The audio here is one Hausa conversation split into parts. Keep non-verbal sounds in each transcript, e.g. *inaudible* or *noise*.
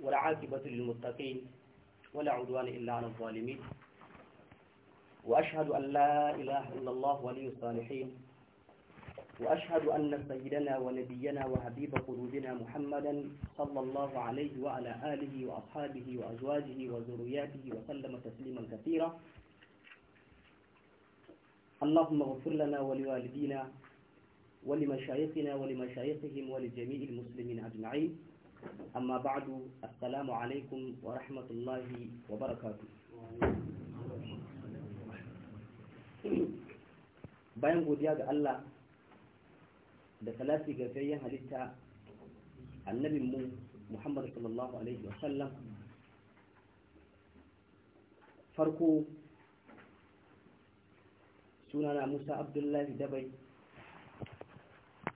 والعاقبة للمتقين ولا عدوان إلا على الظالمين وأشهد أن لا إله إلا الله ولي الصالحين وأشهد أن سيدنا ونبينا وحبيب قلوبنا محمدا صلى الله عليه وعلى آله وأصحابه وأزواجه وذرياته وسلم تسليما كثيرا اللهم اغفر لنا ولوالدينا ولمشايخنا ولمشايخهم ولجميع المسلمين أجمعين amma ba'du assalamu alaikum wa rahmatullahi wa barakatu bayan godiya ga Allah da salati ga fayyan halitta annabin mu Muhammad sallallahu alaihi wa sallam farko sunana Musa Abdullahi Dabai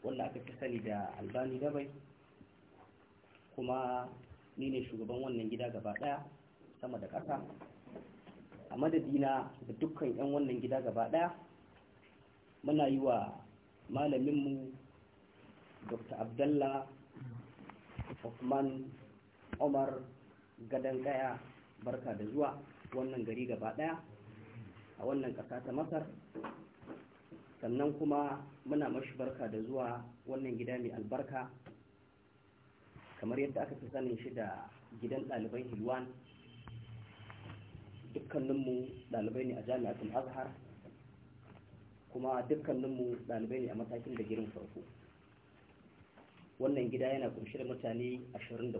wanda aka fi sani da Albani Dabai kuma ni ne shugaban wannan gida gaba daya sama da ƙasa a madadina da dukkan 'yan wannan gida gaba daya muna yi wa malaminmu dr abdallah Usman Omar gadon ƙaya barka da zuwa wannan gari gaba daya a wannan ƙasa ta masar sannan kuma muna mashi barka da zuwa wannan gida mai albarka kamar yadda aka fi sanin shi da gidan ɗaliban hilwan dukkaninmu ɗalibai ne a jami'atul azhar kuma dukkaninmu ɗalibai ne a matakin da girin farko wannan gida yana kunshi da mutane 24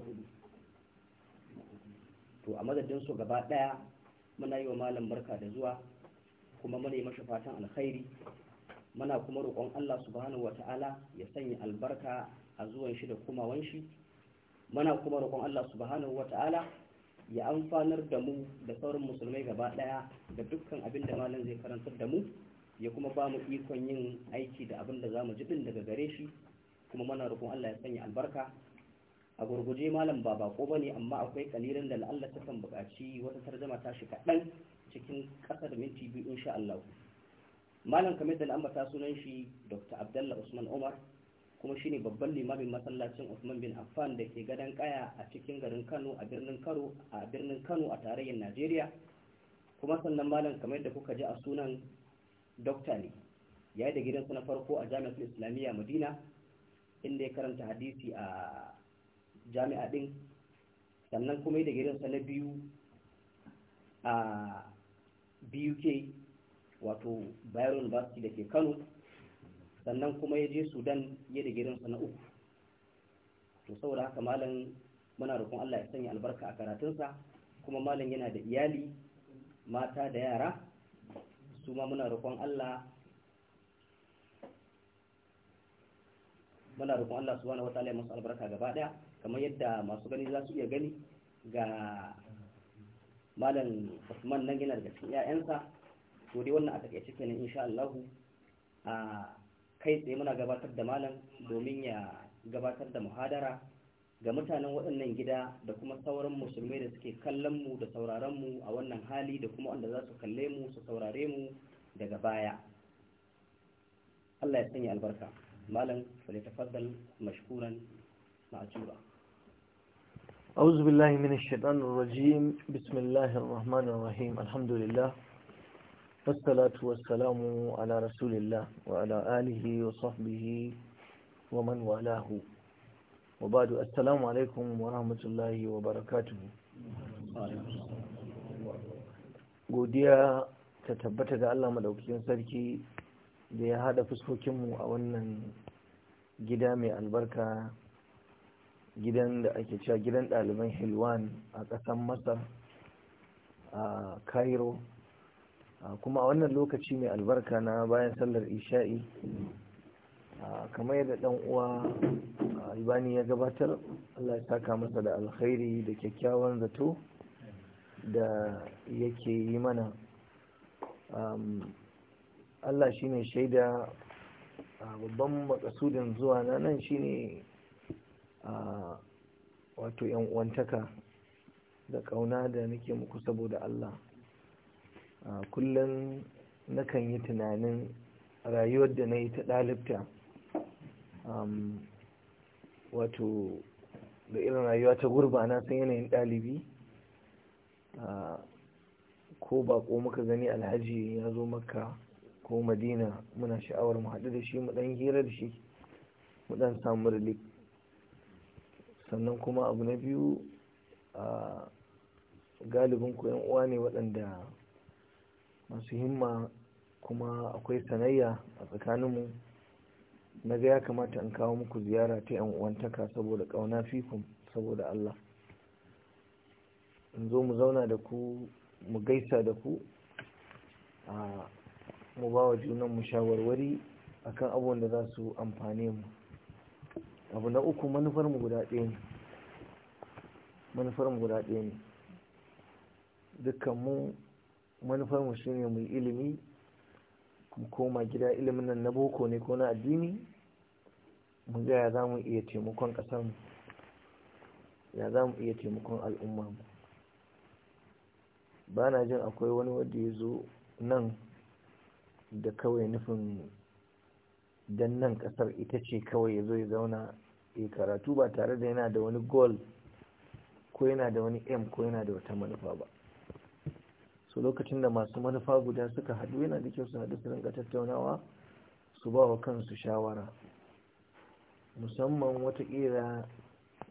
to a su gaba ɗaya muna yi wa malam barka da zuwa kuma muna yi mashi fatan alkhairi muna kuma roƙon allah subhanahu wa ta'ala ya sanya albarka a zuwan shi da kumawan shi mana kuma roƙon Allah subhanahu wa ta'ala ya amfanar da mu da sauran musulmai gaba ɗaya da dukkan abin da malam zai karantar da mu ya kuma ba mu ikon yin aiki da abin da za mu jibin daga gare shi kuma muna roƙon Allah ya sanya albarka a gurguje malam ba bako bane amma akwai kalilan da Allah ta kan buƙaci wata tarjuma ta shi kaɗan cikin ƙasa minti biyu insha Allah malam kamar da ambata sunan shi Dr. Abdullah Usman Umar kuma shine babban limamin masallacin Usman bin Affan da ke gadan kaya a cikin garin Kano a birnin Kano a birnin Kano a tarayyar Najeriya kuma sannan malam kamar yadda kuka ji a sunan Dr. ne ya yi da gidansa na farko a jami'ar islamiyya madina inda ya karanta hadisi a jami'a din sannan kuma yi da gidansa na biyu a buk wato bayero university da ke kano sannan kuma ya je sudan ya da girinsa na uku to saboda haka malam muna roƙon allah ya sanya albarka a karatunsa kuma malam yana da iyali mata da yara su ma muna roƙon allah muna roƙon allah subhanahu wataala ya masu albarka gaba ɗaya kamar yadda masu gani za su iya gani ga malam usman nan yana daga cikin 'ya'yansa to dai wannan a takaice kenan insha allahu a ah, kai tsaye muna gabatar da malam domin ya gabatar da muhadara ga mutanen waɗannan gida da kuma sauran musulmai da suke kallon mu da sauraron mu a wannan hali da kuma wanda za su kalle mu su saurare mu daga baya Allah ya sanya albarka malam falitafaddal mashkuran ma'ajura أعوذ بالله من الشيطان الرجيم بسم الله الرحمن الرحيم الحمد لله fassalatu wassalamu ala rasulillah wa ala alihi wa sahbihi wa man walahu wa ba'du assalamu alaikum wa rahmatullahi wa barakatu. godiya ta tabbata da Allah madaukakin sarki da ya hada fuskokinmu a wannan gida mai albarka gidan da ake cewa gidan daliban hilwan a ƙasar masar a cairo kuma a wannan lokaci mai albarka na bayan sallar isha'i kamar yadda dan uwa albani ya gabatar allah ya saka masa da alkhairi da kyakkyawan zato da yake yi mana allah shi ne shaida babban makasudin zuwa na nan shine wato yan uwantaka da kauna da nake muku saboda allah kullum nakan yi tunanin rayuwar da na yi ta ɗalibta wato da irin rayuwa ta gurba na san yanayin ɗalibi ko bako muka gani alhaji ya zo makka ko madina muna sha'awar mu haɗu da shi mu ɗan hira da shi mu ɗan samu rilik sannan kuma abu na biyu galibin 'yan uwa ne waɗanda masu himma kuma akwai sanayya a tsakaninmu na ga ya kamata in kawo muku ziyara ta yan uwantaka saboda ƙauna fikun saboda Allah in zo mu zauna da ku mu gaisa da ku a mu ba wa mu shawarwari akan abubuwan da za su amfane mu abu na uku manufar mu guda ɗaya ne manufar guda ɗaya ne dukkan manufar mu shine mu ilimi mu koma gida ilimin nan na boko ne ko na addini mu ga ya za iya taimakon kasar mu ya zamu iya taimakon al'umma mu ba na jin akwai wani wanda ya zo nan da kawai nufin dan nan kasar ita ce kawai ya zo ya zauna ya karatu ba tare da yana da wani goal ko yana da wani m ko yana da wata manufa ba su lokacin da masu manufa guda suka haɗu yana da kyau su haɗu su rinka tattaunawa su ba wa kansu shawara musamman watakila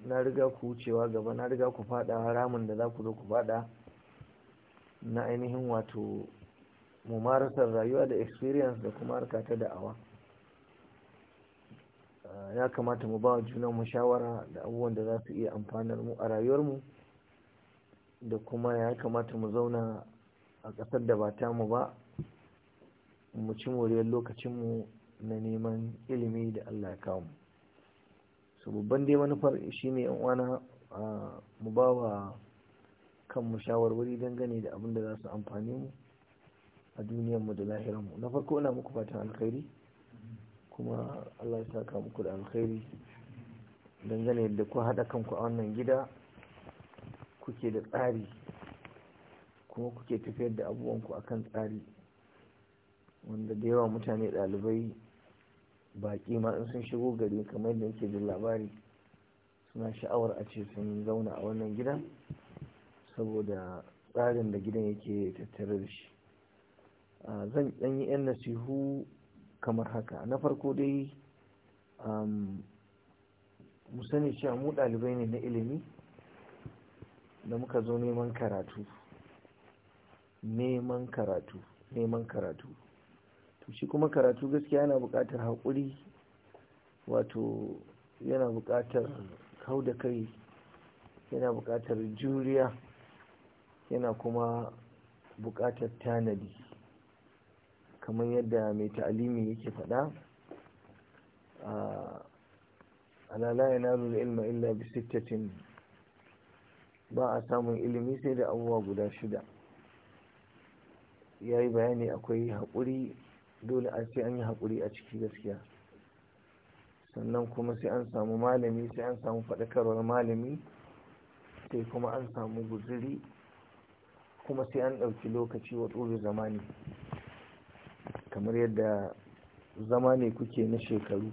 na riga ku wucewa gaba na riga ku faɗa ramin da za ku zo ku faɗa na ainihin wato mumarasar rayuwa da experience da kuma harka ta da'awa ah, ya kamata mu ba junan mu shawara da abubuwan da za su iya amfanar mu a rayuwarmu da kuma ya kamata mu zauna a ƙasar da ba ta mu ba mu ci moriyar lokacinmu na neman ilimi da Allah ya kawo mu su babban dai manufar shi ne uwana mu ba wa kanmu shawarwari dangane da abin da za su amfani mu a duniyarmu da lahiranmu na farko ina muku fatan alkhairi kuma Allah ya saka muku da alkhairi dangane da ku haɗa kanku a wannan gida kuke da tsari kuma kuke tafiyar da abubuwanku akan tsari wanda da yawa mutane ɗalibai baƙi ma in sun shigo gari kamar da yake jin labari suna sha'awar a ce sun zauna a wannan gidan saboda tsarin da gidan yake tattare da shi zan ɗan yi 'yan nasihu kamar haka na farko dai mu sani cewa mu ɗalibai ne na ilimi da muka zo neman karatu neman karatu neman karatu to shi kuma karatu gaskiya yana buƙatar haƙuri wato yana buƙatar kau da kai yana buƙatar juriya yana kuma buƙatar tanadi kamar yadda mai ta'alimi yake faɗa a alala na lura ilma illa bi sittatin ba a samun ilimi sai da abubuwa guda shida ya yi bayani akwai haƙuri dole a sai an yi haƙuri a ciki gaskiya sannan kuma sai an samu malami sai an samu faɗakarwar malami sai kuma an samu guziri kuma sai an ɗauki lokaci wa ɗore zamani kamar yadda zama ne kuke na shekaru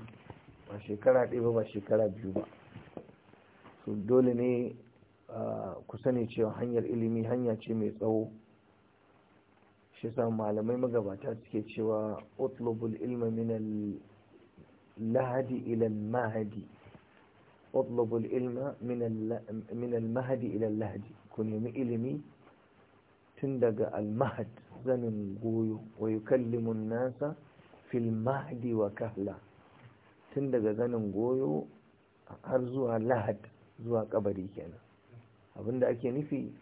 ba shekara ɗaya ba ba shekara biyu ba so dole ne ah, ku sani cewa hanyar ilimi hanya ce mai tsawo shi sa malamai magabata suke cewa utlubul ilma min lahadi ila mahadi utlubul ilma min al-mahadi lahadi ku nemi ilimi tun daga al-mahad zanin goyo wa yukallimu nasa fil mahdi wa kahla tun daga zanin goyo har zuwa lahad zuwa kabari kenan abinda ake nufi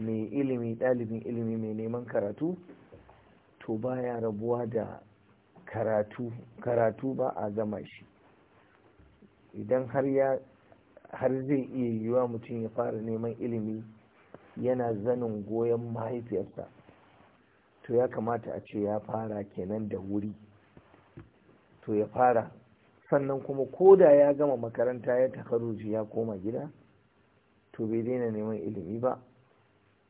mai ilimi dalibin ilimi mai neman karatu to baya rabuwa da karatu karatu ba a gama shi idan har ya har zai iya yiwuwa mutum ya fara neman ilimi yana zanin goyon mahaifiyarsa to ya kamata a ce ya fara kenan da wuri to ya fara sannan kuma ko da ya gama makaranta ya takaruji ya koma gida to bai daina neman ilimi ba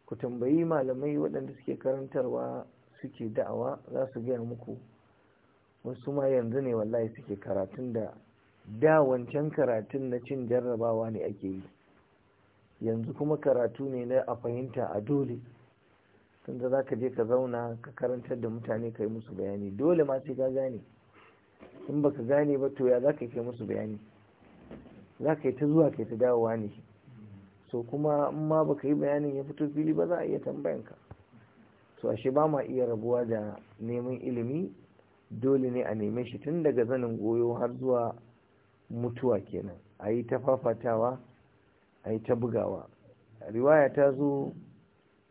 ku tambayi malamai waɗanda suke karantarwa suke da'awa za su gaya muku wasu ma yanzu ne wallahi suke karatun da da wancan karatun na cin jarrabawa ne ake yi yanzu kuma karatu ne na a fahimta a dole tunda za ka je ka zauna ka karantar da mutane ka yi musu bayani dole ma sai ka gane in baka gane ba to ya za ka yi musu bayani za ka yi ta zuwa ka yi ta dawowa ne so kuma in ma baka yi bayanin ya fito fili ba za a iya tambayanka so ashe ba ma iya rabuwa da neman ilimi dole ne a neme shi tun daga zanin goyo har zuwa mutuwa kenan a yi ta fafatawa a yi ta bugawa riwaya ta zo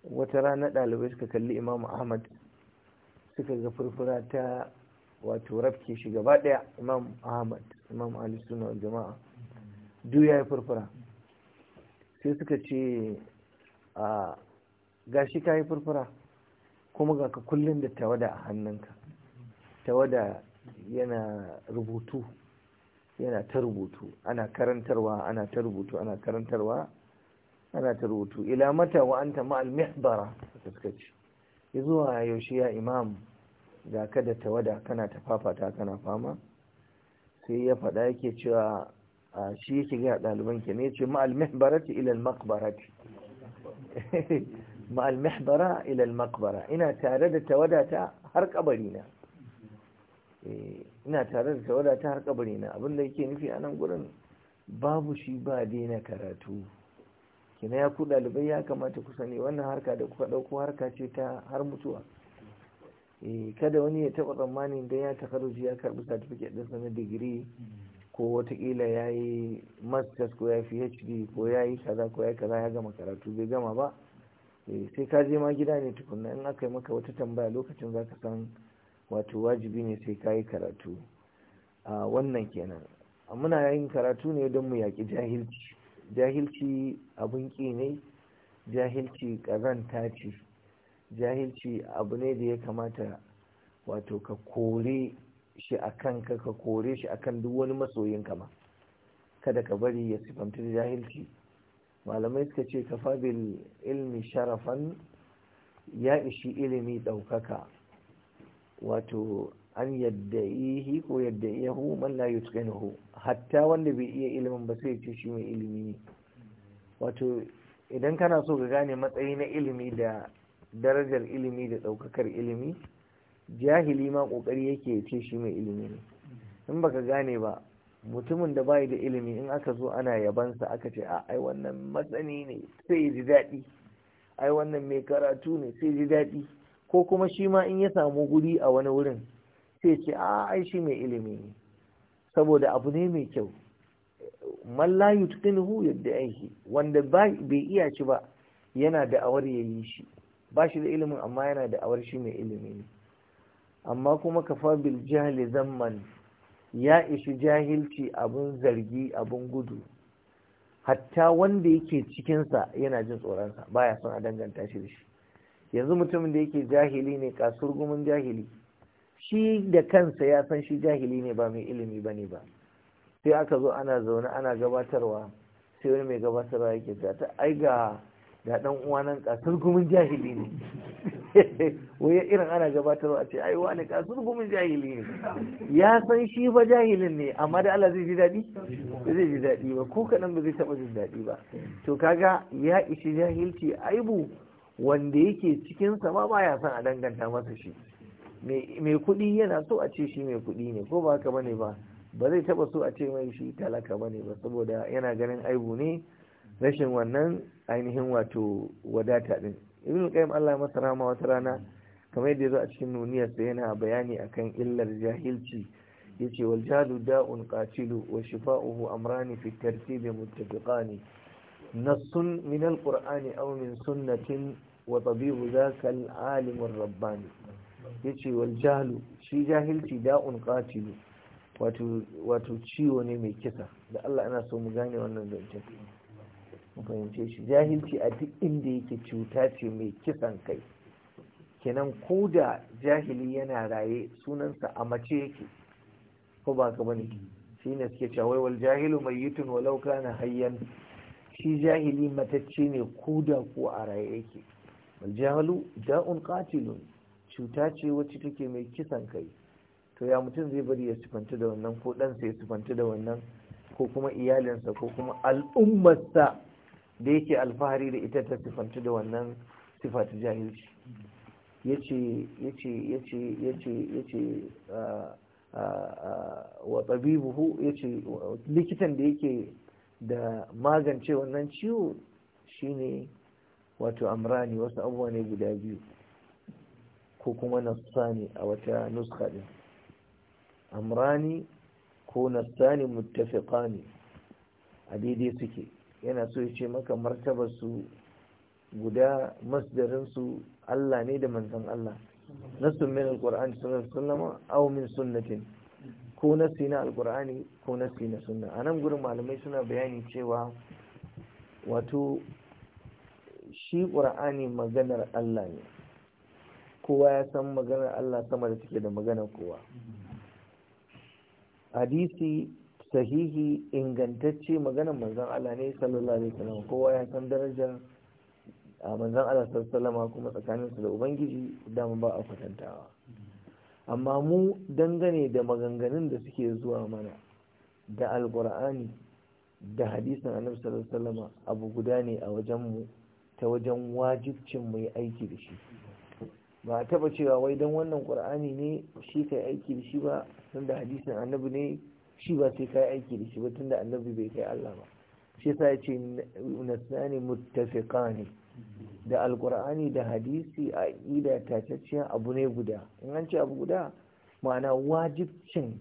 wata rana ɗalibai suka kalli imamu ahmad suka ga furfura ta wato rafke shi gaba ɗaya imam ahmad imam ali suna jama'a duk ya yi furfura sai suka ce a gashi ka yi furfura kuma ga kullum da tawada a hannunka tawada yana rubutu yana ta rubutu ana karantarwa ana ta rubutu ana karantarwa ana ta rubutu ila mata wa anta ma'al mihbara suka zuwa yaushe ya imam ga ka da tawada kana ta fafata kana fama sai ya faɗa yake cewa a shi yake ga ɗaliban ke ne ce ma'al mihbarati ila al ma'al mihbara ila al ina tare da tawadata har kabari na ina tare da tawadata har kabari na da yake nufi a nan gurin babu shi ba daina karatu kina ya ku dalibai ya kamata ku sani wannan harka da kuka dauko harka ce ta har mutuwa kada wani ya taba tsammanin da ya takaruji ya karbi certificate din na digiri ko watakila ya yi masters ko ya fi hd ko ya yi kaza ko ya kaza ya gama karatu bai gama ba Eh, sai ka je ma gida ne tukunna in aka yi maka wata tambaya lokacin za ka san wato wajibi ne sai ka yi karatu a wannan kenan muna yin karatu ne don mu yaƙi jahilci jahilci abin ƙi ne jahilci ƙazanta ce jahilci abu ne da ya kamata wato ka kore shi a kanka ka kore shi akan duk wani masoyin kama kada ka bari ya sifanta da jahilci malamai suka ce kafa bil ilmi sharafan ya ishi ilimi daukaka wato an yadda'ihi ko man la yutqinuhu hatta wanda bai iya ilimin ba sai ce shi mai ilimi ne wato idan kana so ka gane matsayi na ilimi da darajar ilimi da tsaukakar ilimi jahili ma kokari yake ce shi mai ilimi ne in baka gane ba mutumin da bai da ilimi in aka zo ana yabansa aka ce a ai wannan matsani ne sai ji daɗi ai wannan mai karatu ne sai ji daɗi ko kuma shi ma in ya samu guri a wani wurin sai ce a ai shi mai ilimi ne saboda abu ne mai kyau man la yadda yadda'ihi wanda bai iya ci ba yana da awar yi shi ba shi da ilimin amma yana da awar shi mai ilimi ne amma kuma kafa bil jahli zamman ya ishi jahilci abun zargi abun gudu hatta wanda yake cikinsa yana jin tsoronsa baya son a danganta shi da shi yanzu mutumin da yake jahili ne kasurgumin jahili shi da kansa ya san shi jahili ne ba mai ilimi ba ne ba sai aka zo ana zaune ana gabatarwa sai wani mai gabatarwa yake ta ai ga da dan uwa nan kasurgumin jahili ne ya irin ana gabatarwa a ce ai wani sun gumin jahili ne ya san shi fa jahilin ne amma da Allah zai ji daɗi zai ji daɗi ba ko kaɗan ba zai taɓa jin daɗi ba to kaga ya ishi jahilci aibu wanda yake cikinsa ma baya san a danganta masa shi mai kuɗi yana so a ce shi mai kuɗi ne ko ba haka bane ba ba zai taɓa so a ce mai shi talaka ne ba saboda yana ganin aibu ne rashin wannan ainihin wato wadata ɗin ibnu qayyim Allah masa rahama wata rana kamar yadda yazo a cikin nuniyar sa yana bayani akan illar jahilci yace wal jahlu da'un qatilu wa shifa'uhu amrani fi tartibi muttafiqani nassun min alqur'ani aw min sunnatin wa tabibu zaka al-alim rabbani yace wal jahlu shi jahilci da'un qatilu wato ciwo ne mai kisa da Allah ana so mu gane wannan zancen fahimce shi jahilci a duk inda yake cuta ce mai kisan kai kenan ko da jahili yana raye sunansa a mace yake ko ba ka bane shi ne suke cewa wal jahilu mayyitun walau kana hayyan shi jahili matacce ne ko da ko a raye yake wal jahilu da'un qatilun cuta ce wacce take mai kisan kai to ya mutum zai bari ya sifanta da wannan ko ɗansa ya sifanta da wannan ko kuma iyalinsa ko kuma al'ummarsa da yake alfahari da ita ta sifantu da wannan sifa ta jahilci yace yace yace yace yace wa tabibuhu yace likitan da yake da magance wannan ciwo shine wato amrani wasu abubuwa ne guda biyu ko kuma nassani a wata nuska din amrani ko nassani muttafiqani a daidai suke yana so ya ce maka su guda masdarinsu Allah ne da manzan Allah nasu min alkur'ani sunan sallama aw min sunnatin ko nasi na alkur'ani ko nasi na sunna a nan gurin malamai suna bayani cewa wato shi ƙur'ani maganar Allah ne kowa ya san maganar Allah sama da take da maganar kowa hadisi sahihi ingantacce maganar manzan Allah ne sallallahu alaihi wasallam kowa ya san darajar manzan Allah sallallahu kuma tsakaninsu da ubangiji dama ba a kwatantawa amma mu dangane da maganganun da suke zuwa mana da alkur'ani da hadisin annabi sallallahu alaihi abu guda ne a wajen mu ta wajen wajibcin mu yi aiki da shi ba a taba cewa wai don wannan qur'ani ne shi kai aiki da shi ba tunda hadisin annabi ne shi ba sai kai aiki da shi ba tunda annabi bai kai Allah ba shi yasa ya ce nasani muttafiqani da alqur'ani da hadisi a ida tataccen abu ne guda in an ce abu guda ma'ana wajibcin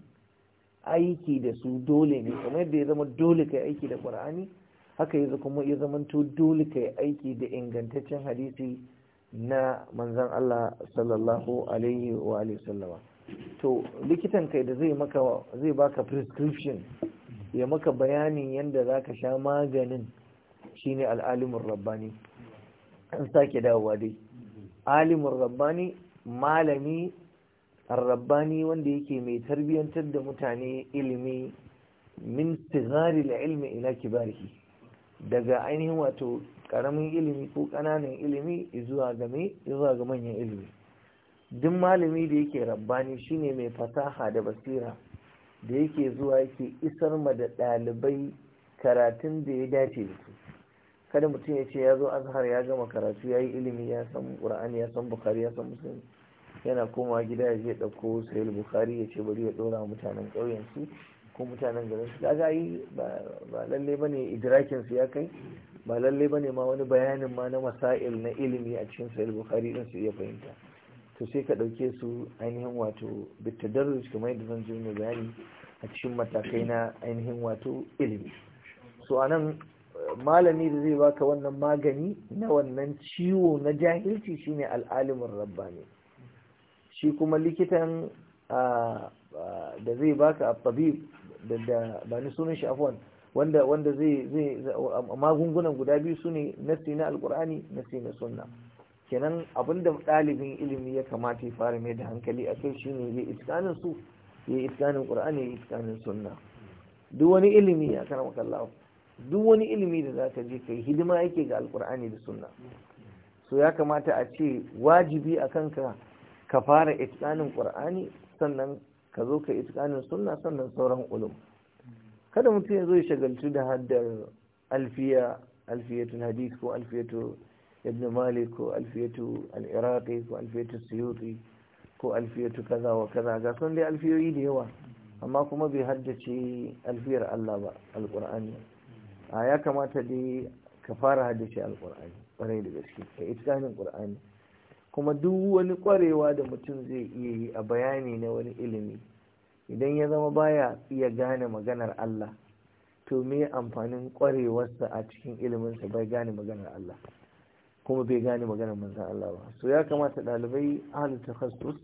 aiki da su dole ne kamar yadda ya zama dole kai aiki da qur'ani haka yanzu kuma ya zamanto dole kai aiki da ingantaccen hadisi na manzon Allah sallallahu alaihi wa alihi sallama to likitan kai da zai maka zai baka prescription ya maka bayanin yadda za ka sha maganin shine al'alimin rabbani an sake dawowa dai alimin rabbani malami rabbani wanda yake mai tarbiyyantar da mutane ilimi min tsari da ilmi ila kibarihi daga ainihin wato karamin ilimi ko ƙananan ilimi zuwa ga manyan ilimi duk malami da yake rabbani shine mai fasaha da basira da yake zuwa yake isar ma da ɗalibai karatun da ya dace da su kada mutum ya ce ya zo azhar ya gama karatu ya yi ilimi ya san qur'ani ya san bukhari ya san muslim yana komawa gida ya je ɗauko sayil bukhari ya ce bari ya ɗora mutanen ƙauyen su ko mutanen garin su kaga yi ba lalle bane idrakin su ya kai ba lalle bane ma wani bayanin ma na masail na ilimi a cikin sayil bukhari din su iya fahimta to sai ka ɗauke su ainihin wato bitadarruj kamar yadda zan je mai bayani a cikin matakai na ainihin wato ilimi so anan malami da zai baka wannan magani na wannan ciwo na jahilci shine al'alimin ne shi kuma likitan da zai baka a tabib da ba ni sunan shi afuwan wanda zai magungunan guda biyu sune nasi na alqur'ani nasi na sunna kenan abinda dalibin ilimi ya kamata ya fara mai da hankali a kai shine ya iskanin su ya iskanin qur'ani ya iskanin sunna duk wani ilimi ya karama kallahu duk wani ilimi da zaka je kai hidima yake ga alqur'ani da sunna so ya kamata a ce wajibi a kanka ka fara iskanin qur'ani sannan ka zo ka iskanin sunna sannan sauran ulum kada mutum ya zo ya shagaltu da haddar alfiya alfiyatul hadith ko alfiyatul ibn malik ko alfiyatu al-iraqi ko alfiyatu suyuti ko alfiyatu kaza wa kaza ga sun dai alfiyoyi da yawa amma kuma bai haddace alfiyar Allah ba alqur'ani a ya kamata dai ka fara haddace alqur'ani kwarai da gaske ka qur'ani kuma duk wani ƙwarewa da mutum zai iya yi a bayani na wani ilimi idan ya zama baya iya gane maganar Allah to me amfanin ƙwarewarsa a cikin iliminsa bai gane maganar Allah kuma bai gane maganar manzan Allah ba so ya kamata ɗalibai ahalin takassus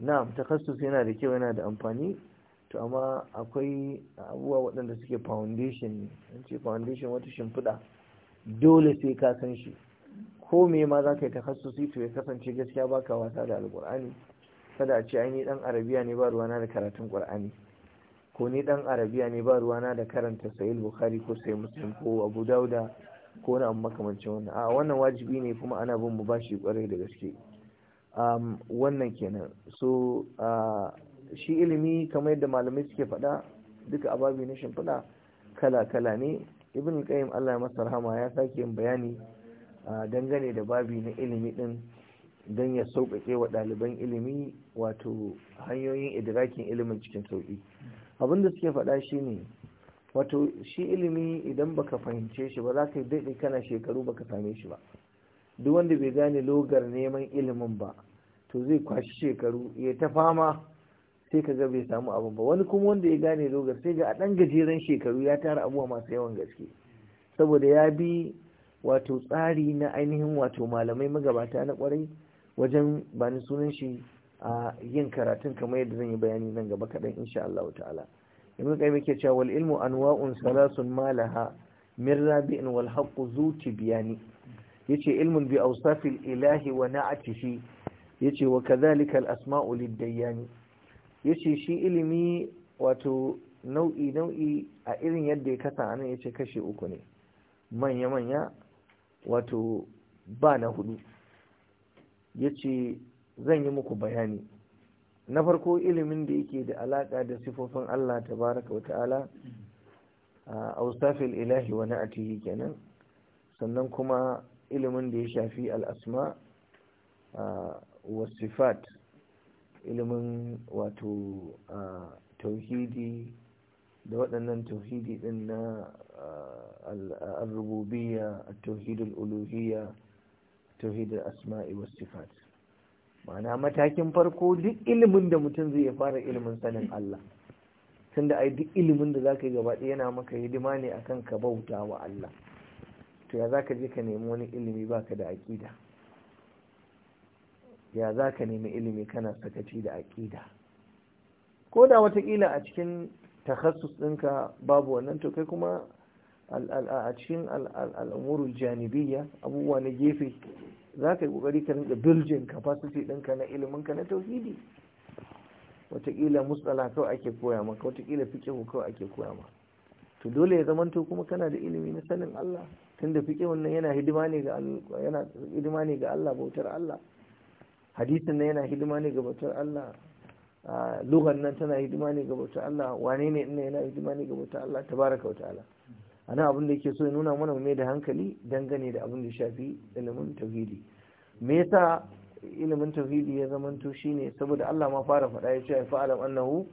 na'am takassus yana da kyau yana da amfani to amma akwai abubuwa waɗanda suke foundation an ce foundation wata shimfiɗa dole sai ka san shi ko me ma za ka yi takassusi to ya kasance gaskiya baka wasa da alƙur'ani kada a ce ainihin dan arabiya ne ba ruwana da karatun ƙur'ani ko ni dan arabiya ne ba ruwana da karanta sayil bukhari ko sai muslim ko abu dauda ko wani abu makamancin wannan a wannan wajibi ne kuma ana bin mu bashi kwarai da gaske wannan kenan so shi ilimi kamar yadda malamai suke faɗa duka ababi na shimfiɗa kala-kala ne ibn qayyim Allah ya masa rahama ya sake yin bayani dangane da babi na ilimi din don ya sauƙaƙe wa ɗaliban ilimi wato hanyoyin idrakin ilimin cikin sauƙi abinda suke faɗa shine wato shi ilimi idan baka fahimce shi ba za ka daɗe kana shekaru baka same shi ba duk wanda bai gane logar neman ilimin ba to zai kwashi shekaru ya ta fama sai ka ga bai samu abin ba wani kuma wanda ya gane logar sai ga a ɗan gajeren shekaru ya tara abubuwa masu yawan gaske saboda ya bi wato tsari na ainihin wato malamai magabata na kwarai wajen bani sunan shi a yin karatun kamar yadda zan yi bayani nan gaba kaɗan insha Allah ta'ala ibn qayyim yake cewa wal ilmu anwa'un salasun malaha min rabi'in wal haqqu zu tibyani yace ilmun bi awsafil ilahi wa na'atihi yace wa kadhalika al asma'u lid dayani yace shi ilimi wato nau'i nau'i a irin yadda ya kasa anan yace kashe uku ne manya manya wato ba na hudu yace zan yi muku bayani na farko ilimin da yake da alaƙa da sifofin Allah tabaraka wa ta'ala a ausafil ilahi wa na'atihi kenan sannan kuma ilimin da ya shafi al'asma wa sifat ilimin wato tauhidi da waɗannan tauhidi ɗin na al-rububiyya tauhidul uluhiyya tauhidul asma'i wa sifat ma'ana matakin farko duk ilimin da mutum zai fara ilimin sanin Allah tunda ai duk ilimin da zaka yi gaba ɗaya yana maka hidima ne akan ka bauta wa Allah to ya zaka je ka nemi wani ilimi baka da aqida ya zaka nemi ilimi kana sakaci da aqida ko da watakila a cikin takhassus ɗinka babu wannan to kai kuma a cikin al'umurul janibiyya abubuwa na gefe za ka yi ƙoƙari ka rinka biljin capacity ɗinka na ilminka na tauhidi watakila musala kawai ake koya maka watakila fikihu kawai ake koya maka to dole ya to kuma kana da ilimi na sanin Allah tunda fikihun nan yana hidima ne ga yana hidima ne ga Allah bautar Allah hadisin nan yana hidima ne ga bautar Allah ah, lugan nan tana hidima ne ga bautar Allah wane ne yana hidima ne ga bautar Allah tabaraka wa ta'ala ana abin da yake so ya nuna mana mai da hankali dangane da abin da shafi ilimin tauhidi me yasa ilimin tauhidi ya zamanto shine saboda Allah ma fara faɗa ya ce ya alam annahu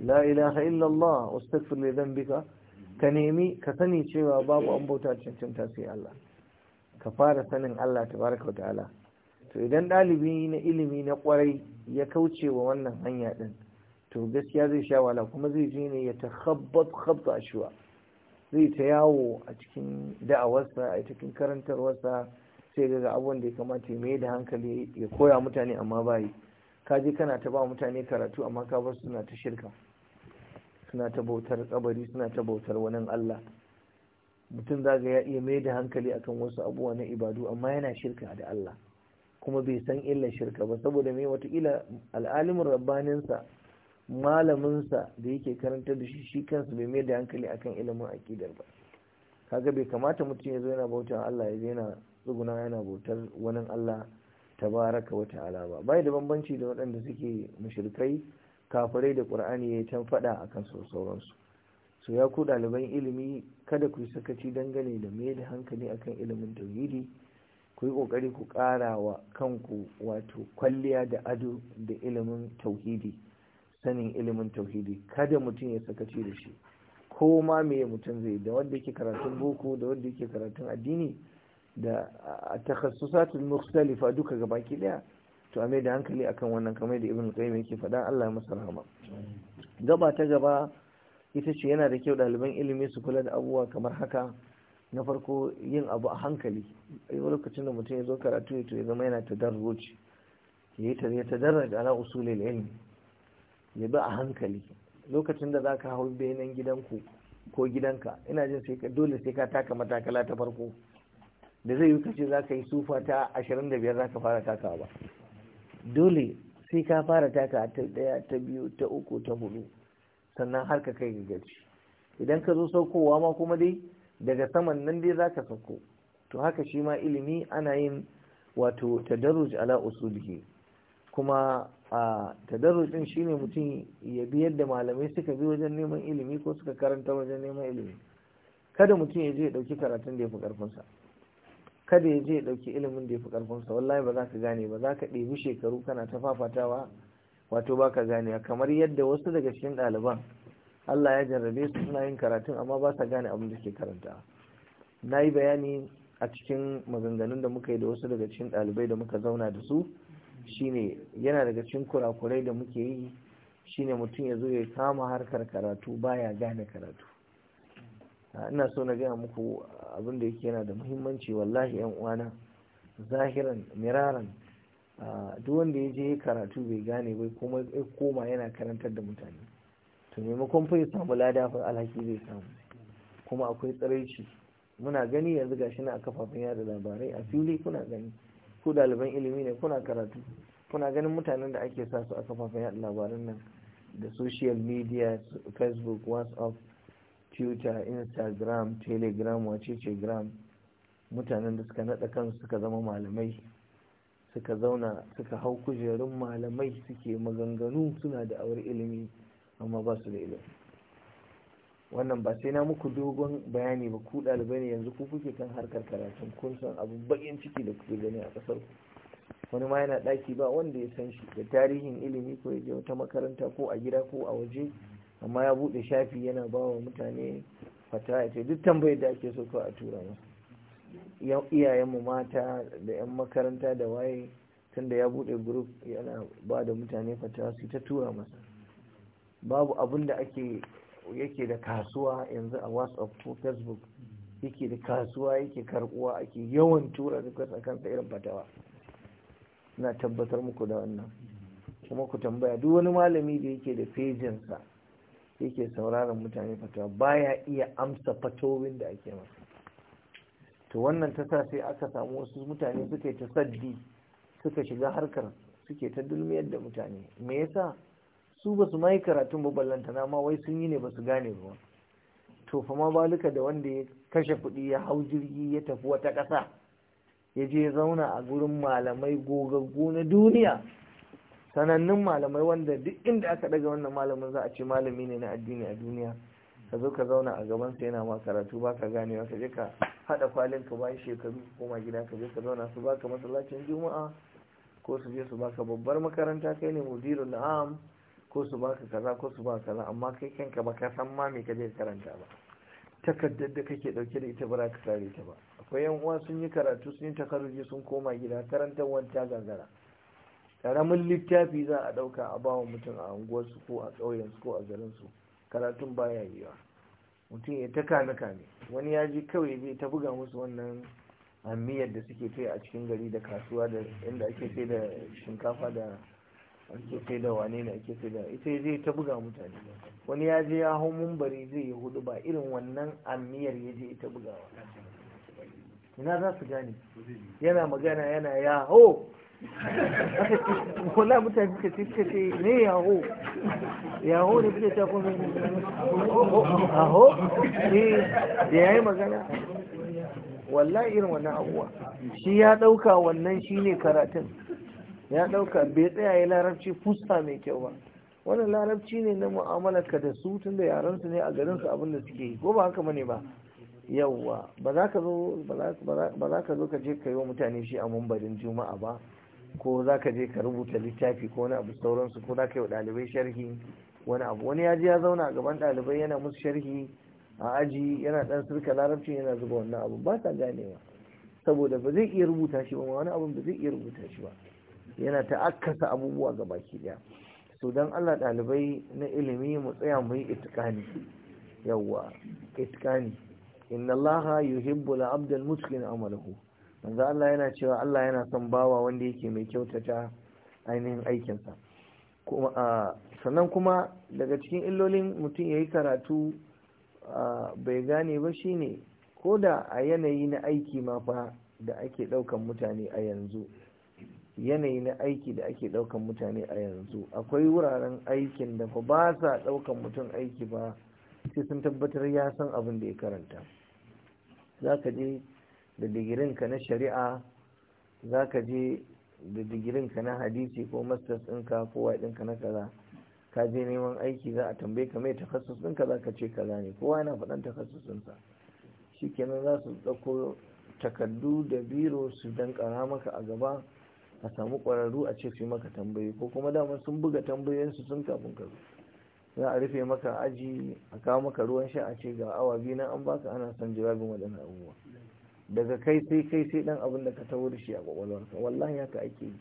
la ilaha illa Allah wastaghfir li dhanbika ka nemi ka sani cewa babu an bauta cancanta sai Allah ka fara sanin Allah tabaraka wa ta'ala to idan ɗalibi na ilimi na kwarai ya kauce wa wannan hanya din to gaskiya zai sha wala kuma zai je ne ya takhabbat khabta ashwa zai ta yawo a cikin da'awarsa a cikin karantarwarsa sai daga abubuwan da ya kamata ya mai da hankali ya koya mutane amma bayi ka je kana ta ba mutane karatu amma ka bar suna ta shirka suna ta bautar kabari suna ta bautar wani Allah mutum za ga ya iya mai da hankali akan wasu abubuwa na ibadu amma yana shirka da Allah kuma bai san illa shirka ba saboda mai ila al'alimin rabbaninsa malaminsa da yake karantar da shi shi kansa bai mai da hankali akan ilimin aƙidar ba kaga bai kamata mutum ya zo yana bautar Allah ya yana tsuguna yana bautar wani Allah ta baraka wata ba bai da bambanci da waɗanda suke mushrikai kafirai da qur'ani ya tan fada akan su sauransu so ya ku ɗaliban ilimi kada ku sakaci dangane da mai da hankali akan ilimin tauhidi ku yi ƙoƙari ku ƙara wa kanku wato kwalliya da ado da ilimin tauhidi sanin ilimin tauhidi kada mutum ya sakaci da shi ko ma me mutum zai da wanda yake karatun boko da wanda yake karatun addini da a takhassusatul mukhtalifa duka baki daya to a mai da hankali akan wannan kamar da ibnu qayyim yake faɗa Allah ya masa rahama gaba ta gaba ita ce yana da kyau ɗaliban ilimi su kula da abubuwa kamar haka na farko yin abu a hankali a lokacin da mutum ya zo karatu ya to ya zama yana tadarruci ya yi tadarruci ala usulil ilmi ya bi a hankali lokacin da za ka hau benen gidanku ko gidanka ina jin dole sai ka taka matakala ta farko da zai yi kace za ka yi sufa ta 25 za ka fara takawa ba dole sai ka fara taka ta ɗaya ta biyu ta uku ta hudu sannan har ka kai gaci idan ka zo saukowa ma kuma dai daga saman nan dai za ka sauko to haka shi ma ilimi ana yin wato tadarruj ala usulihi kuma a tadarrucin shine mutum ya bi yadda malamai suka bi wajen neman ilimi ko suka karanta wajen neman ilimi kada mutum ya je ya dauki karatun da ya fi karfinsa kada ya je ya dauki ilimin da ya fi karfinsa wallahi ba za ka gane ba za ka ɗebi shekaru kana ta fafatawa wato ba ka gane kamar yadda wasu daga cikin ɗaliban Allah ya jarrabe su suna yin karatun amma ba sa gane abin da suke karanta na yi bayani a cikin maganganun da muka yi da wasu daga cikin ɗalibai da muka zauna da su shine yana daga cikin kurakurai da muke yi shine mutum ya zo ya kama harkar karatu baya gane karatu ina so na gaya muku abin da yake yana da muhimmanci wallahi yan uwana zahiran miraran duk wanda ya je karatu bai gane bai kuma ya koma yana karantar da mutane to maimakon fa ya samu lada fa alhaki zai samu kuma akwai tsiraici muna gani yanzu gashi na a kafafen yada labarai a fili kuna gani ku ɗaliban ilimi ne kuna karatu kuna ganin mutanen da ake sa su a kafafen yaɗa labaran nan da social media facebook whatsapp twitter instagram telegram wacece gram mutanen da suka naɗa kansu suka zama malamai suka zauna suka hau kujerun malamai suke maganganu suna da awar ilimi amma ba su da ilimi wannan ba sai na muku dogon bayani ba ku ɗalibai ne yanzu ku kuke kan harkar karatun kun san abu bakin ciki da kuke gani a ƙasar ku wani ma yana ɗaki ba wanda ya san shi da tarihin ilimi ko je wata makaranta ko a gida ko a waje amma ya buɗe shafi yana ba wa mutane fata ya ce duk tambayar da ake so a tura masa iyayenmu mata da 'yan makaranta da waye tunda ya buɗe group yana ba da mutane fata su ta tura masa babu abin da ake yake da kasuwa yanzu a whatsapp ko facebook yake da kasuwa yake karbuwa ake yawan tura request akan irin fatawa na tabbatar muku da wannan kuma ku tambaya duk wani malami da yake da fejinsa yake sauraron mutane fatawa baya iya amsa fatowin da ake masa to wannan ta sa sai aka samu wasu mutane suka yi saddi suka shiga harkar suke ta dulmiyar da mutane me yasa su ba su ma karatun ba ballantana ma wai sun yi ne ba su gane ba to fa ma balika da wanda ya kashe kuɗi ya hau jirgi ya tafi wata ƙasa ya je zauna a gurin malamai gogaggu na duniya sanannun malamai wanda duk inda aka daga wannan malamin za a ce malami ne na addini a duniya ka zo ka zauna a gaban gabansa yana ma karatu ba ka ba. ka je ka hada kwalin ka bayan shekaru koma gida ka je ka zauna su baka masallacin juma'a ko su je su baka babbar makaranta kai ne mudirul am ko su baka kaza ko su baka kaza amma kai kanka ba ka san ma me ka je karanta ba takardar da kake dauke da ita ba za ka kare ta ba akwai yan uwa sun yi karatu sun yi takarruji sun koma gida karantar wanta gagara karamin littafi za a dauka a bawa mutum a unguwarsu ko a ƙauyensu ko a garin su karatun baya yiwa mutum ya ta kame kame wani ya ji kawai zai ta buga musu wannan amiyar da suke kai a cikin gari da kasuwa da inda ake sai da shinkafa da ake sai da wane ne ake sai da ita zai ta buga mutane wani ya je ya hau mumbari zai yi hudu ba irin wannan amiyar ya je ita bugawa ina za su gane yana magana yana yaho *laughs* wala mutane suka ce suka ce ne yaho yaho ne suka ta kuma yaho ne eh, da ya yi magana wallahi irin wannan abuwa shi ya ɗauka wannan shi ne karatun ya ɗauka bai tsaya ya larabci fusta mai kyau ba wannan larabci ne na ka da su tun da yarensu ne a garin su abin da suke yi ko ba haka bane ba yawwa ba za ka zo ba za ka zo ka je ka yi wa mutane shi a mumbarin juma'a ba ko za ka je ka rubuta littafi ko wani abu sauransu ko za ka yi wa ɗalibai sharhi wani abu wani ya je ya zauna a gaban ɗalibai yana musu sharhi a aji yana dan sirka larabci yana zuba wannan abu ba sa ganewa saboda ba zai iya rubuta shi ba wani abun ba zai iya rubuta shi ba yana ta akasa abubuwa ga baki daya to dan Allah ɗalibai na ilimi mu tsaya mu yi itikani yawwa itikani inna Allah yuhibbu al abdul al-muskin amalahu manzo Allah yana cewa Allah yana son bawa wanda yake mai kyautata ainihin aikinsa kuma sannan kuma daga cikin illolin mutum yayi karatu bai gane ba shine ko da a yanayi na aiki ma fa da ake ɗaukan mutane a yanzu yanayi na aiki da ake ɗaukan mutane a yanzu akwai wuraren aikin da fa ba sa ɗaukan mutum aiki ba sai sun tabbatar ya san abin da ya karanta za ka je da digirinka na shari'a za ka je da digirinka na hadisi ko masters ɗinka ko ɗinka na kaza ka je neman aiki za a tambaye ka mai takassus ɗinka za ka ce kaza ne kowa yana faɗan takassus ɗinsa shikenan za su ɗauko takardu da biro su danƙara maka a gaba a samu ƙwararru a ce su maka tambayi ko kuma dama sun buga tambayoyinsu sun kafin ka za a rufe maka aji a kawo maka ruwan sha a ce ga awa biyu na an baka ana son jawabin waɗannan abubuwa daga kai sai kai sai ɗan abin da ka taho da shi a ƙwaƙwalwarka wallahi haka ake yi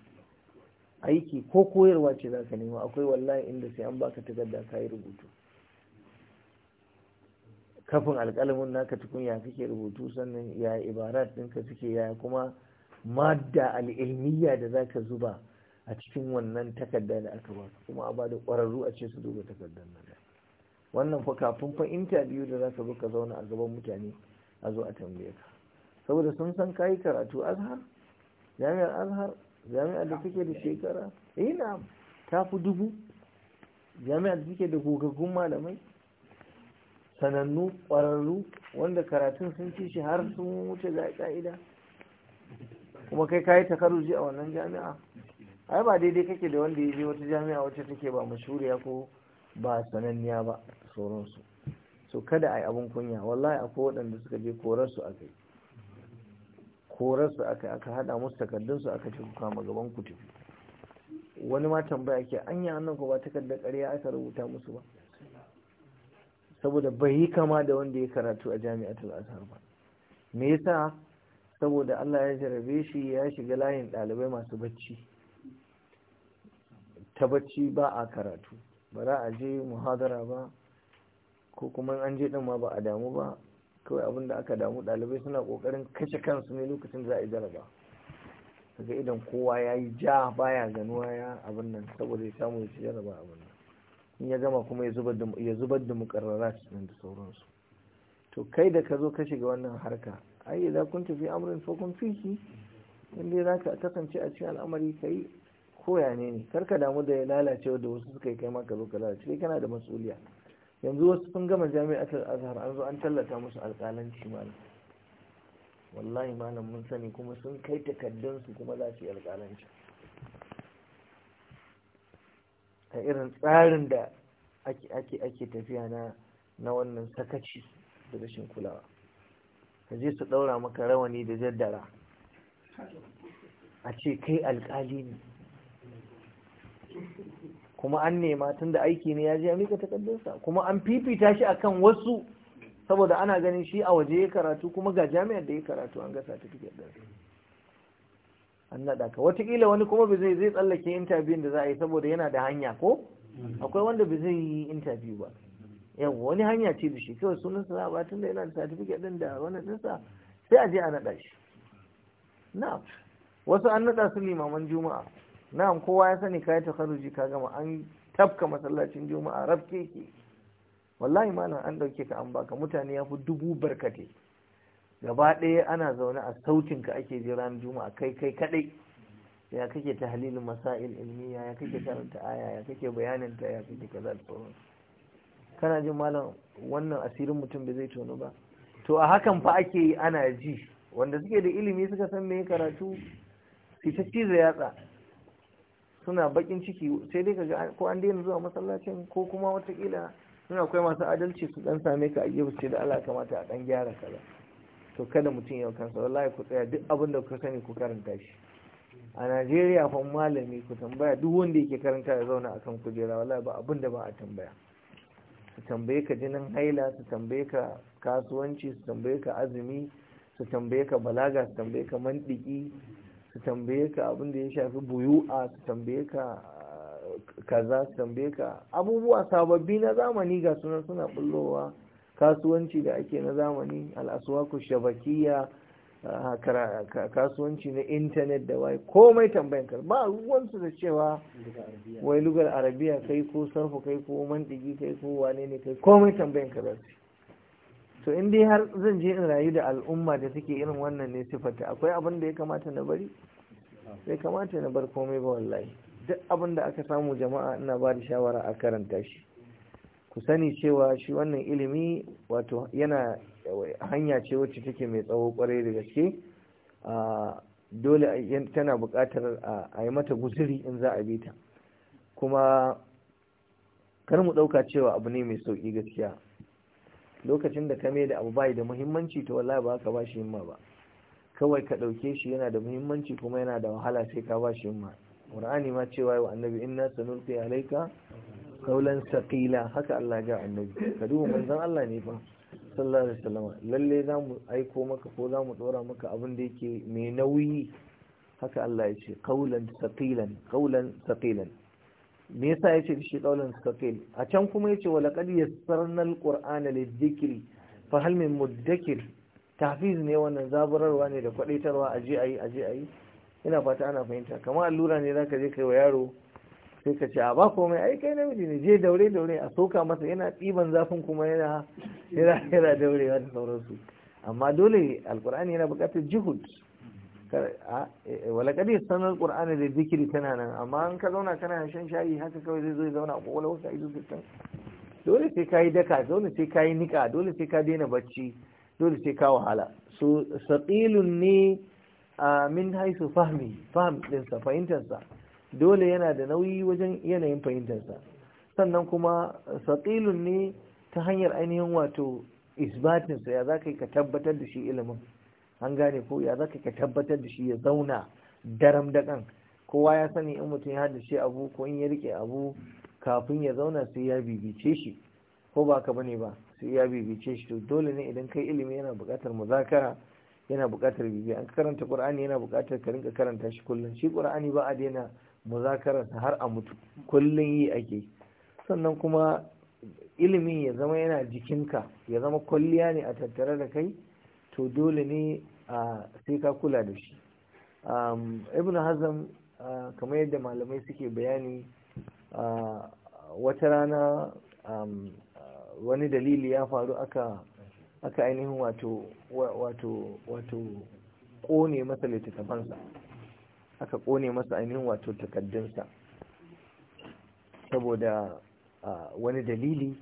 aiki ko koyarwa ce za ka nema akwai wallahi inda sai an baka takarda ka yi rubutu kafin alƙalamin naka tukunya kake rubutu sannan ya ibarat ɗinka suke yaya kuma madda al'ilmiya da zaka zuba a cikin wannan takarda da aka ba kuma a bada ƙwararru a ce su duba takardar nan wannan fa kafin fa interview da zaka ka zo ka zauna a gaban mutane a zo a tambaye ka saboda sun san kayi karatu azhar jami'ar azhar jami'ar da take da shekara eh na ta fi dubu jami'ar da take da gogaggun malamai sanannu ƙwararru wanda karatun sun ci shi har sun wuce ga ƙa'ida kuma kai kayi takaruji a wannan jami'a ai ba daidai kake da wanda ya je wata jami'a wacce take ba mashuriya ko ba sananniya ba sauransu so kada a yi abin kunya wallahi akwai waɗanda suka je korarsu a kai korarsu a kai aka haɗa musu su aka ce ku kama gaban ku tafi wani ma tambaya ke an yi annan ko ba takardar ƙarya aka rubuta musu ba saboda bai yi kama da wanda ya karatu a jami'atul azhar ba me yasa saboda Allah ya jarabe shi ya shiga layin dalibai masu bacci ta bacci ba a karatu ba za a je muhadara ba ko kuma an je ɗin ma ba a damu ba kawai abin da aka damu ɗalibai suna ƙoƙarin kashe kansu ne lokacin za a yi jaraba daga idan kowa ya yi ja baya ganuwa ya abin nan saboda ya samu ya ci jaraba abin nan in ya gama kuma ya zubar da mukarrara da sauransu to kai da ka zo ka shiga wannan harka ai idan kun tafi amrin fa kun fiki inda dai zaka kasance a cikin al'amari kai koya ne ne ka damu da ya lalace da wasu suka yi kai maka zo ka lalace kai kana da mas'uliya yanzu wasu sun gama jami'atul azhar an zo an tallata musu alƙalanci malam wallahi malam mun sani kuma sun kai takaddunsu kuma za su yi alƙalanci a irin tsarin da ake tafiya na wannan sakaci da rashin kulawa su je su ɗaura maka rawani da jaddara a ce kai alƙali ne kuma an nema tun da aiki ne ya je a mika kuma an fifita shi akan wasu saboda ana ganin shi a waje ya karatu kuma ga jami'ar da ya karatu an ga certificate ɗin an naɗa ka watakila wani kuma ba zai tsallake intabiyun da za a yi saboda yana da hanya ko akwai wanda ba zai yi intabiyu ba yawa wani hanya ce da shi kawai sunan sa ba da yana da certificate din da wannan din sa sai a je a nada shi na'am wasu an nada su limaman juma'a na'am kowa ya sani kai ta kharuji ka gama an tafka masallacin juma'a rafke ki wallahi malam an dauke ka an baka mutane ya fi dubu barkate gaba ɗaya ana zaune a sautin ka ake ji ran juma'a kai kai kadai ya kake ta halilin masail ilmiya ya kake karanta aya ya kake bayanin ta ya kake kaza da sauransu kana jin malam wannan asirin mutum bai zai tono ba to a hakan fa ake yi ana ji wanda suke da ilimi suka san me karatu ta ciza yatsa suna bakin ciki sai dai kaga ko an daina zuwa masallacin ko kuma watakila suna akwai masu adalci su dan same ka a gefe sai da Allah kamata a dan gyara kaza to kada mutum ya kansa wallahi ku tsaya duk abin da ku sani ku karanta shi a Najeriya fa malami ku tambaya duk wanda yake karanta ya zauna akan kujera wallahi ba abin da ba a tambaya su tambaye ka jinin haila su tambaye ka kasuwanci su tambaye ka azumi su tambaye ka balaga su tambaye ka mandiki su tambaye ka abin da ya shafi buyu'a su tambaye ka uh, kaza su tambaye ka abubuwa sababbi na zamani ga sunan suna bullowa kasuwanci da ake na zamani ku shabakiya kasuwanci na intanet da wai komai tambayan ka ba ruwansu da cewa wai lugar arabiya kai ko sarfa kai ko Mandigi kai ko wane ne kai komai tambayan ka ba su to in dai har zan je in rayu da al'umma da take irin wannan ne sifata akwai abin da ya kamata na bari sai kamata na bar komai ba wallahi duk abin da aka samu jama'a ina ba da shawara a karanta shi ku sani cewa shi wannan ilimi wato yana hanya ce wacce take mai tsawo kwarai da gaske dole tana buƙatar a yi mata guziri in za a bi ta kuma kar mu ɗauka cewa abu ne mai sauƙi gaskiya lokacin da ka mai da abu bai da muhimmanci to wallahi ba ka ba shi himma ba kawai ka ɗauke shi yana da muhimmanci kuma yana da wahala sai ka ba shi himma qur'ani ma cewa wa annabi inna sanulqi alayka qawlan saqila haka Allah ya ga annabi ka duba manzon Allah ne fa sallallahu alaihi wasallam lalle za mu aiko maka ko za mu dora maka abin da yake mai nauyi haka Allah ya ce qaulan saqilan qaulan saqilan me yasa ya ce shi qaulan saqil a can kuma yace wa laqad yassarna alqur'ana lidhikri fa hal min mudakkir tahfiz ne wannan zaburarwa ne da kwadaitarwa aje ayi aje ayi ina fata ana fahimta kamar allura ne zaka je kai wa yaro sai ka ce a ba komai ai kai namiji ne je daure daure a soka masa yana tsiban zafin kuma yana yana yana daurewa da sauransu amma dole alqur'ani yana buƙatar juhud e, e, wala kadi sanar qur'ani da zikiri tana nan amma in ka zauna kana shan shayi haka kawai zai zo ya zauna a kokolwarka ido sai dole sai ka yi daka dole sai ka nika dole sai ka daina bacci dole sai ka wahala so saqilun ne min haisu fahmi fahm din sa fahimtar dole yana da nauyi wajen yanayin fahimtarsa sannan kuma saƙilun ne ta hanyar ainihin wato isbatinsa ya za ka yi ka tabbatar da shi ilimin an gane ko ya za ka yi ka tabbatar da shi ya zauna daram kan kowa ya sani in mutum ya shi abu ko in ya rike abu kafin ya zauna sai ya bibice shi ko ba ka bane ba sai ya bibice shi to dole ne idan kai ilimi yana buƙatar muzakara yana buƙatar bibiya an karanta ƙur'ani yana buƙatar ka rinka karanta shi kullum shi ƙur'ani ba a daina muzakararsa har a mutu kullum yi ake sannan kuma ilimin ya zama yana jikinka ya zama kwalliya ne a tattare da kai to dole ne a sai ka kula da shi ibn hazm kamar yadda malamai suke bayani wata rana wani dalili ya faru aka aka ainihin wato wato wato masa littattafansa aka kone masa ainihin wato takaddunsa saboda wani dalili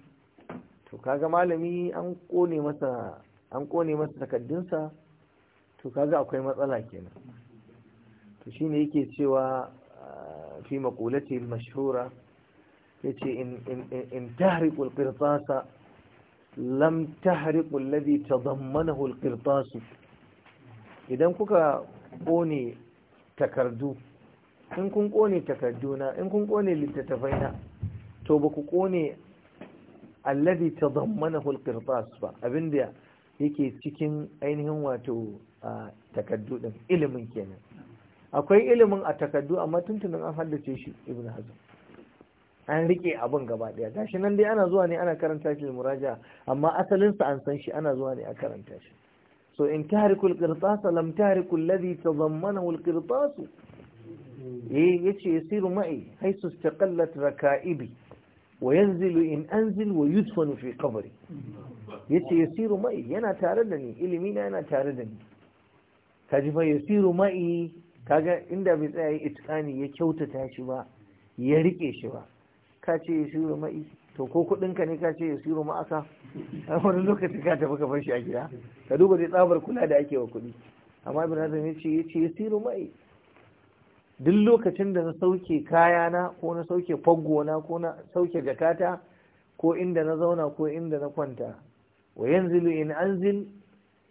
to kaga malami an kone masa an kone takaddunsa to kaga akwai matsala kenan to shine yake cewa fi maqulati al-mashhura yace in in tahriqu al-qirtasa lam tahriqu alladhi tadammanahu al-qirtas idan kuka kone takardu in kun kone takarduna in kun kone littattafaina to ba ku kone ta zammana bas ba abinda yake cikin ainihin wato takardu din ilimin kenan akwai ilimin a takardu amma tuntunin an haddace shi ibn hazm an rike abin gaba daya gashi nan dai ana zuwa ne ana karanta shi muraja amma asalinsa an san shi ana zuwa ne a karanta shi so in tarikul qirtasa lam tarikul ladhi E, alqirtas eh yace yasiru ma'i haythu istaqallat raka'ibi wa yanzilu in anzil wa yudfanu fi qabri yace yasiru ma'i yana tare da ni ilimi na yana tare da ni kaji fa yasiru ma'i kaga inda bai tsaya itkani ya kyautata shi ba ya rike shi ba kace yasiru ma'i to ko ka ne ka ce ya siro ma'asa a wani lokaci ka tafi ka shi a gida ka duba dai tsabar kula da ake wa kuɗi amma ibn hazm ya ce ya ce ya siro mai duk lokacin da na sauke kayana ko na sauke faggona ko na sauke jakata ko inda na zauna ko inda na kwanta wa yanzilu in anzil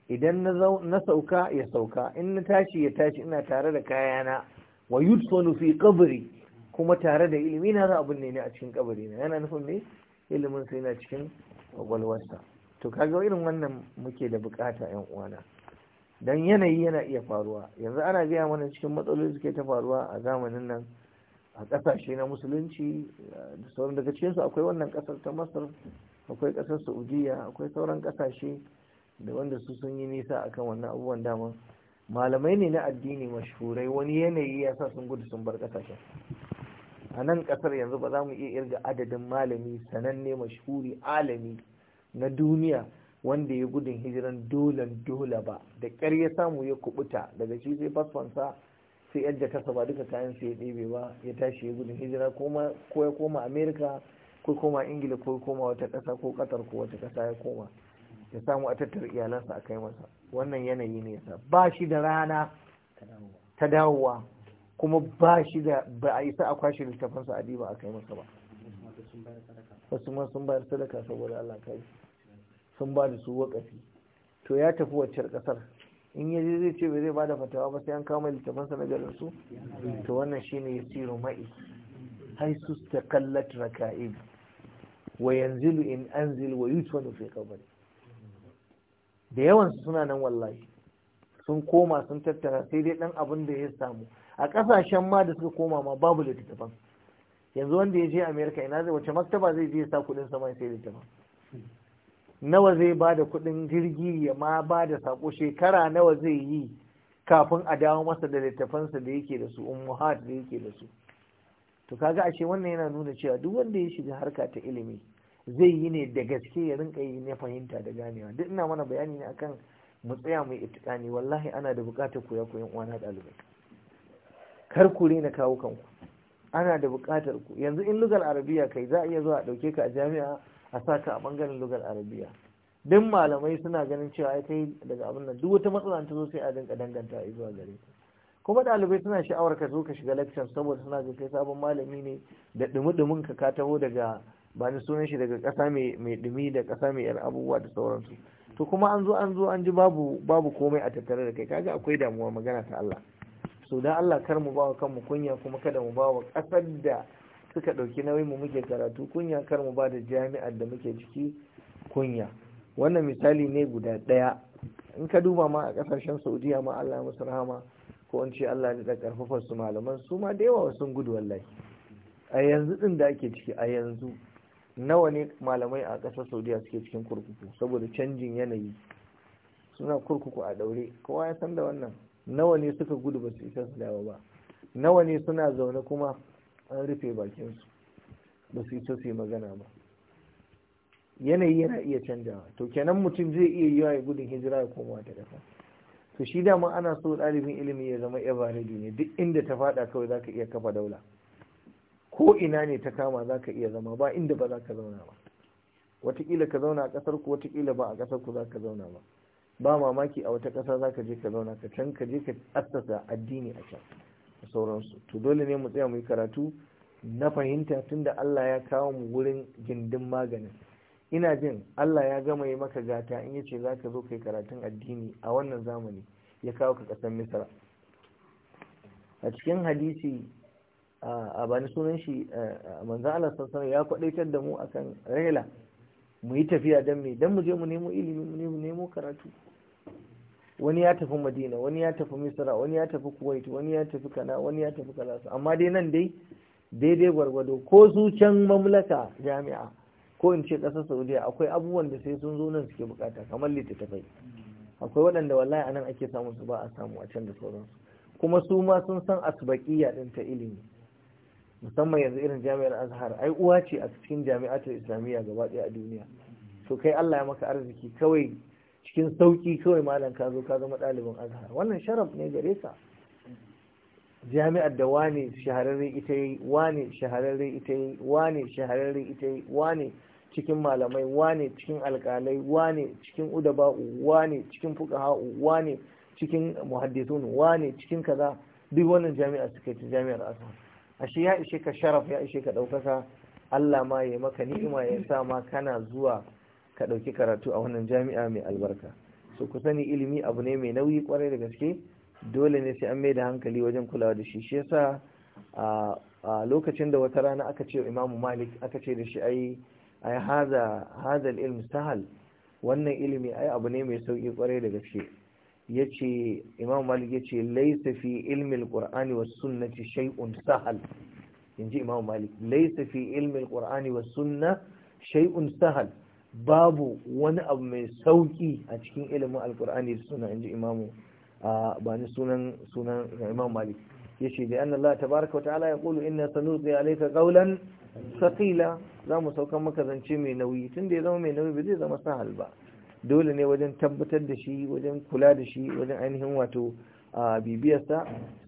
idan na sauka ya sauka in na tashi ya tashi ina tare da kayana wa yudfanu fi qabri kuma tare da ilimi na za a binne ne a cikin kabari na yana nufin ne ilimin sa yana cikin kwakwalwarsa to kaga irin wannan muke da bukata yan uwana dan yanayi yana iya faruwa yanzu ana gaya mana cikin matsaloli suke ta faruwa a zamanin nan a ƙasashe na musulunci da sauran daga cikinsu akwai wannan ƙasar ta masar akwai ƙasar saudiya akwai sauran ƙasashe da wanda su sun yi nisa akan wannan abubuwan dama malamai ne na addini mashhurai wani yanayi ya sa sun gudu sun bar ƙasashen a nan kasar yanzu ba za mu iya irga adadin malami sananne mashhuri alami na duniya wanda ya gudun hijiran dolan dola ba da kyar ya samu ya kubuta daga shi sai fasfansa sai yadda kasa ba duka kayan su ya ɗebe ba ya tashi ya gudun hijira ko ya koma amerika ko koma ingila ko ya koma wata ƙasa ko ƙatar ko wata ƙasa ya koma ya samu a tattar iyalansa a kai masa wannan yanayi ne ya sa ba shi da rana ta dawowa kuma ba shi da ba a isa a kwashe sa a diba a kai masa ba wasu ma sun bayar sadaka saboda Allah kai sun ba da su wakafi to ya tafi waccar kasar in ya je zai ce bai zai bada fatawa ba sai an kama sa na garin su to wannan shine yasiru ma'i ta kallat raka'ib wa yanzilu in anzil wa yutwanu fi qabri da yawan suna nan wallahi sun koma sun tattara sai dai dan abin da ya samu a kasashen ma da suka koma ma babu littattafan yanzu wanda ya je amerika ina zai wace maktaba zai je sa kudin sama sai littattafan nawa zai ba da kuɗin jirgi ya ma ba da sako shekara nawa zai yi kafin a dawo masa da littattafansa da yake da su ummuhat da yake da su to kaga ashe wannan yana nuna cewa duk wanda ya shiga harka ta ilimi zai yi ne da gaske ya rinka yi ne fahimta da ganewa duk ina mana bayani ne akan mu tsaya mu itikani wallahi ana da bukatar koya koyan uwana ɗalibai kar ku rena kawo kanku ana da buƙatar ku yanzu in lugar arabiya kai za a iya zuwa a ɗauke ka a jami'a a sa ka a bangaren lugar arabiya duk malamai suna ganin cewa ya kai daga abin nan duk wata matsala ta zo sai a dinka danganta a zuwa gare ka kuma ɗalibai suna sha'awar ka zo ka shiga lecture saboda suna ga kai sabon malami ne da dumi-dumin ka ka taho daga ba ni sunan shi daga ƙasa mai dumi da ƙasa mai yar abubuwa da sauransu to kuma an zo an zo an ji babu babu komai a tattare da kai kaga akwai damuwa magana ta Allah so don Allah kar mu bawa kanmu kunya kuma kada mu bawa kasar da suka ɗauki nauyin mu muke karatu kunya kar mu ba da jami'ar da muke ciki kunya wannan misali ne guda ɗaya in ka duba ma a ƙasashen saudiya ma Allah Ya musu rahama ko in ce Allah ya da ƙarfafa su malaman su ma da yawa sun gudu wallahi a yanzu din da ake ciki a yanzu nawa ne malamai a ƙasar saudiya suke cikin kurkuku saboda canjin yanayi suna kurkuku a daure kowa ya san da wannan nawa ne suka gudu ba su isa su dawo ba nawa ne suna zaune kuma an rufe bakinsu ba su isa su yi magana ba yanayi yana iya canjawa to kenan mutum zai iya yiwa ya gudun hijira ya komawa ta dafa to shi dama ana so ɗalibin ilimi ya zama na ne duk inda ta faɗa kawai za ka iya kafa daula ko ina ne ta kama za ka iya zama ba inda ba za ka zauna ba wataƙila ka zauna a ƙasar ku wataƙila ba a ƙasar ku za ka zauna ba ba mamaki a wata ƙasa za ka je ka zauna ka can ka je ka assasa addini a can da sauransu to dole ne mu tsaya mu yi karatu na fahimta tunda Allah ya kawo mu wurin gindin maganin ina jin Allah ya gama yi maka gata in yace za ka zo kai karatun addini a wannan zamani ya kawo ka ƙasar Misra a cikin hadisi a bani sunan shi manzo Allah sallallahu ya kwadaitar da mu akan Raila. mu yi tafiya don me don mu je mu nemo ilimi mu nemo karatu wani ya tafi madina wani ya tafi misra wani ya tafi kuwait wani ya tafi kana wani ya tafi Kalasa, amma dai nan dai daidai gwargwado ko su can mamlaka jami'a ko in ce ƙasar Sa'udiyya, akwai abubuwan da sai sun zo nan suke bukata kamar littattafai akwai waɗanda wallahi anan ake samun su ba a samu a can da sauransu kuma su ma sun san asbaƙiyya ɗin ta ilimi musamman yanzu irin jami'ar azhar ai uwa ce a cikin jami'atar islamiyya gaba ɗaya a duniya to kai allah ya maka arziki kawai cikin sauki kawai malam ka zo ka zama ɗalibin azhar wannan sharaf ne gare ka jami'ar da wane shahararre ita yi wane shahararre ita yi wane shahararre ita yi wane cikin malamai wane cikin alƙalai wane cikin udaba'u wane cikin fuqaha'u wane cikin muhaddisun wane cikin kaza duk wannan jami'ar suka ci jami'ar azhar ashe ya ishe ka sharaf ya ishe ka ɗaukaka Allah ma ya maka ni'ima ya sa ma kana zuwa ka ɗauki karatu a wannan jami'a mai albarka so ku sani ilimi abu ne mai nauyi kwarai da gaske dole ne sai an mai da hankali wajen kulawa da shi shi yasa a lokacin da wata rana aka ce imamu malik aka ce da shi ai ai haza hadal ilm sahal wannan ilimi ai abu ne mai sauki kwarai da gaske yace imamu malik yace laysa fi ilmi alqur'ani was sunnati shay'un sahal inji imamu malik laysa fi ilmi alqur'ani was sunna shay'un sahal babu wani abu mai sauki a cikin ilimin alkur'ani da suna inji imamu ba ni sunan sunan imam malik yace da wata allah tabaaraka wa ta'ala yaqulu inna sanulqi alayka qawlan thaqila mu saukan maka zance mai nauyi tunda ya zama mai nauyi ba zai zama sahal ba dole ne wajen tabbatar da shi wajen kula da shi wajen ainihin wato bibiyarsa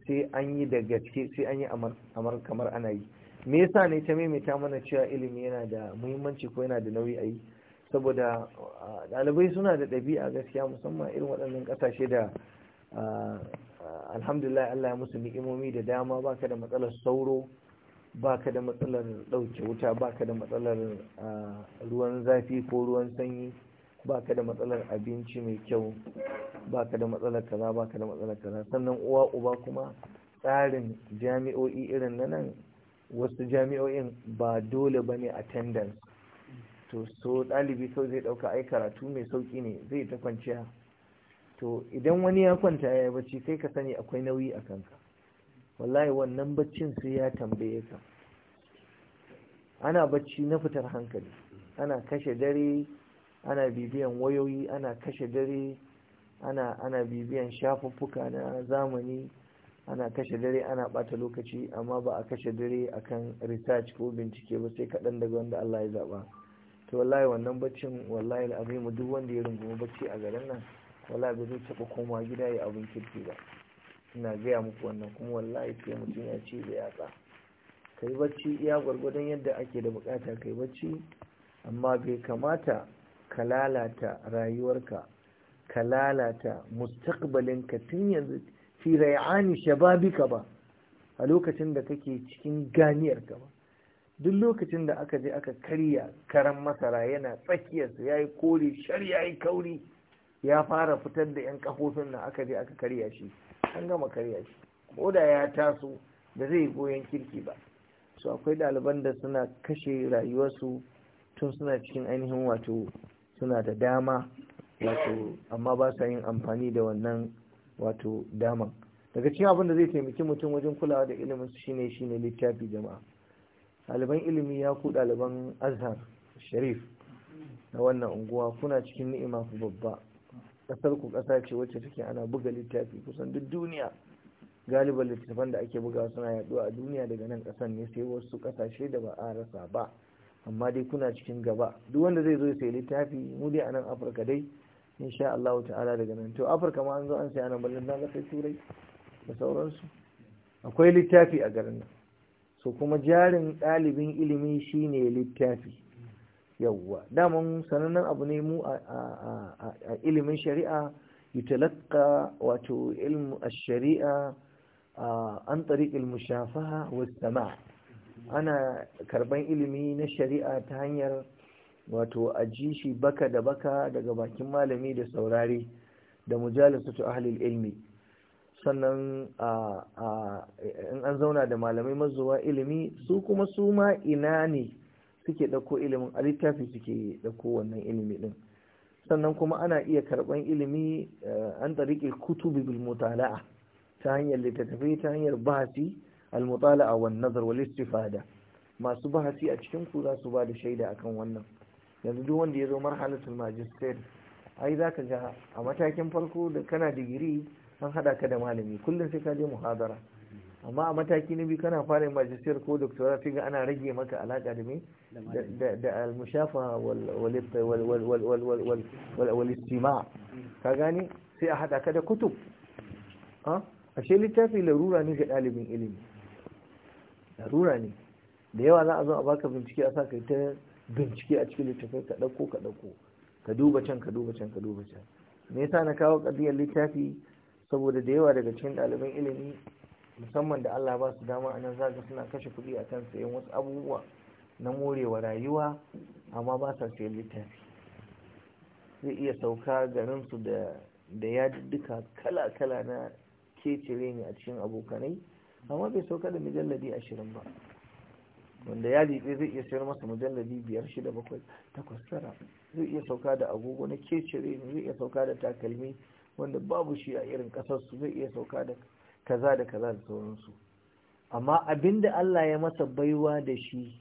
sai an yi da gaske sai an yi amar kamar ana yi me yasa ne ta maimaita mana cewa ilimi yana da muhimmanci ko yana da nauyi a yi saboda ɗalibai suna da ɗabi'a gaskiya musamman irin waɗannan ƙasashe da alhamdulillah Allah ya musu ni'imomi da dama baka da matsalar sauro baka da matsalar ɗauke wuta baka da matsalar ruwan zafi ko ruwan sanyi baka da matsalar abinci mai kyau baka da matsalar kaza baka da matsalar kaza sannan uwa uba kuma tsarin jami'o'i irin na nan wasu jami'o'in ba dole bane attendance to so ɗalibi kawai zai ɗauka ai karatu mai sauƙi ne zai ta kwanciya to idan wani ya kwanta ya yi bacci kai ka sani akwai nauyi a kanka wallahi wannan baccin sai ya tambaye ka ana bacci na fitar hankali ana kashe dare ana bibiyan wayoyi ana kashe dare ana ana bibiyan shafuffuka na zamani ana kashe dare ana ɓata lokaci amma ba a kashe dare akan research ko bincike ba sai kaɗan daga wanda Allah ya zaɓa. to wallahi wannan baccin wallahi al'azimu duk wanda ya rungumi bacci a garin nan wallahi ba zai taɓa koma gida ya abin kirki ba ina gaya muku wannan kuma wallahi sai mutum ya ce da yatsa kai bacci iya gwargwadon yadda ake da bukata kai bacci amma bai kamata ka lalata rayuwarka ka lalata mustaqbalinka tun yanzu fi rayani shababika ba a lokacin da kake cikin ganiyarka ba duk lokacin da aka je aka karya karan masara yana tsakiyarsa ya yi kore shar ya yi kauri ya fara fitar da 'yan kafofin na aka je aka karya shi an gama karya shi ko da ya taso da zai goyon kirki ba su akwai ɗaliban da suna kashe rayuwarsu tun suna cikin ainihin wato suna da dama wato amma ba sa yin amfani da wannan wato daman daga cikin abin da zai taimaki mutum wajen kulawa da ilimin su shine shine littafi jama'a ɗaliban ilimi ya ku ɗaliban azhar sharif na wannan unguwa kuna cikin ni'ima ku babba ƙasar ku ƙasa ce wacce take ana buga littafi kusan duk duniya galiban littattafan da ake buga suna yaduwa a duniya daga nan ƙasar ne sai wasu ƙasashe da ba a rasa ba amma dai kuna cikin gaba duk wanda zai zo ya sayi littafi mu dai a nan afirka dai insha Allah ta'ala daga nan to afirka ma an zo an sai ana ballon na turai da sauransu akwai littafi a garin nan so kuma jarin ɗalibin ilimi shine littafi yawwa daman sanannen abu ne mu a ilimin shari'a yi yutalaqqa wato ilmu a sharia an tsari ilmu mushafaha wasu sama ana karban ilimi na shari'a ta hanyar wato ji shi baka da baka daga bakin malami da saurari, da mujalasatu ahlul ilmi sannan in an zauna da malamai mazuwa ilimi su kuma su ma ina ne suke ɗauko ilimin a littafi suke ɗauko wannan ilimi ɗin sannan kuma ana iya karɓan ilimi eh, an tariƙi kutubi bibil mutala'a ta hanyar littattafai ta hanyar bahasi al mutala'a wa nazar wal istifada masu bahasi a cikin ku za su ba da shaida akan wannan yanzu duk wanda ya zo marhalatul magister ai zaka ga a matakin farko da kana digiri an haɗa ka da malami kullum sai ka je muhadara amma a mataki na biyu kana fara yin majistar ko doktora sai ga ana rage maka alaƙa da me da almushafa wal istima ka gani sai a haɗa ka da kutub A ah? ashe littafi larura ne ga ɗalibin ilimi larura ne da yawa za a zo a baka bincike a sa kai ta bincike a cikin littafai ka ɗauko ka ɗauko ka duba can ka duba can ka duba can me yasa na kawo ƙaddiyar littafi saboda da yawa daga cikin ɗaliban ilimi musamman da Allah ba su dama a nan zaga suna kashe kuɗi a kan sayan wasu abubuwa na morewa rayuwa amma ba sa sayan littafi zai iya sauka garinsu da da ya duka kala-kala na kecire ne a cikin abokanai amma bai sauka da mujalladi ashirin ba wanda ya jiɓe zai iya sayar masa mujalladi biyar shida bakwai takwas tara zai iya sauka da agogo na kecire ne zai iya sauka da takalmi wanda babu shi a irin kasar su zai iya sauka da kaza da kaza da sauransu amma abinda Allah ya masa baiwa da shi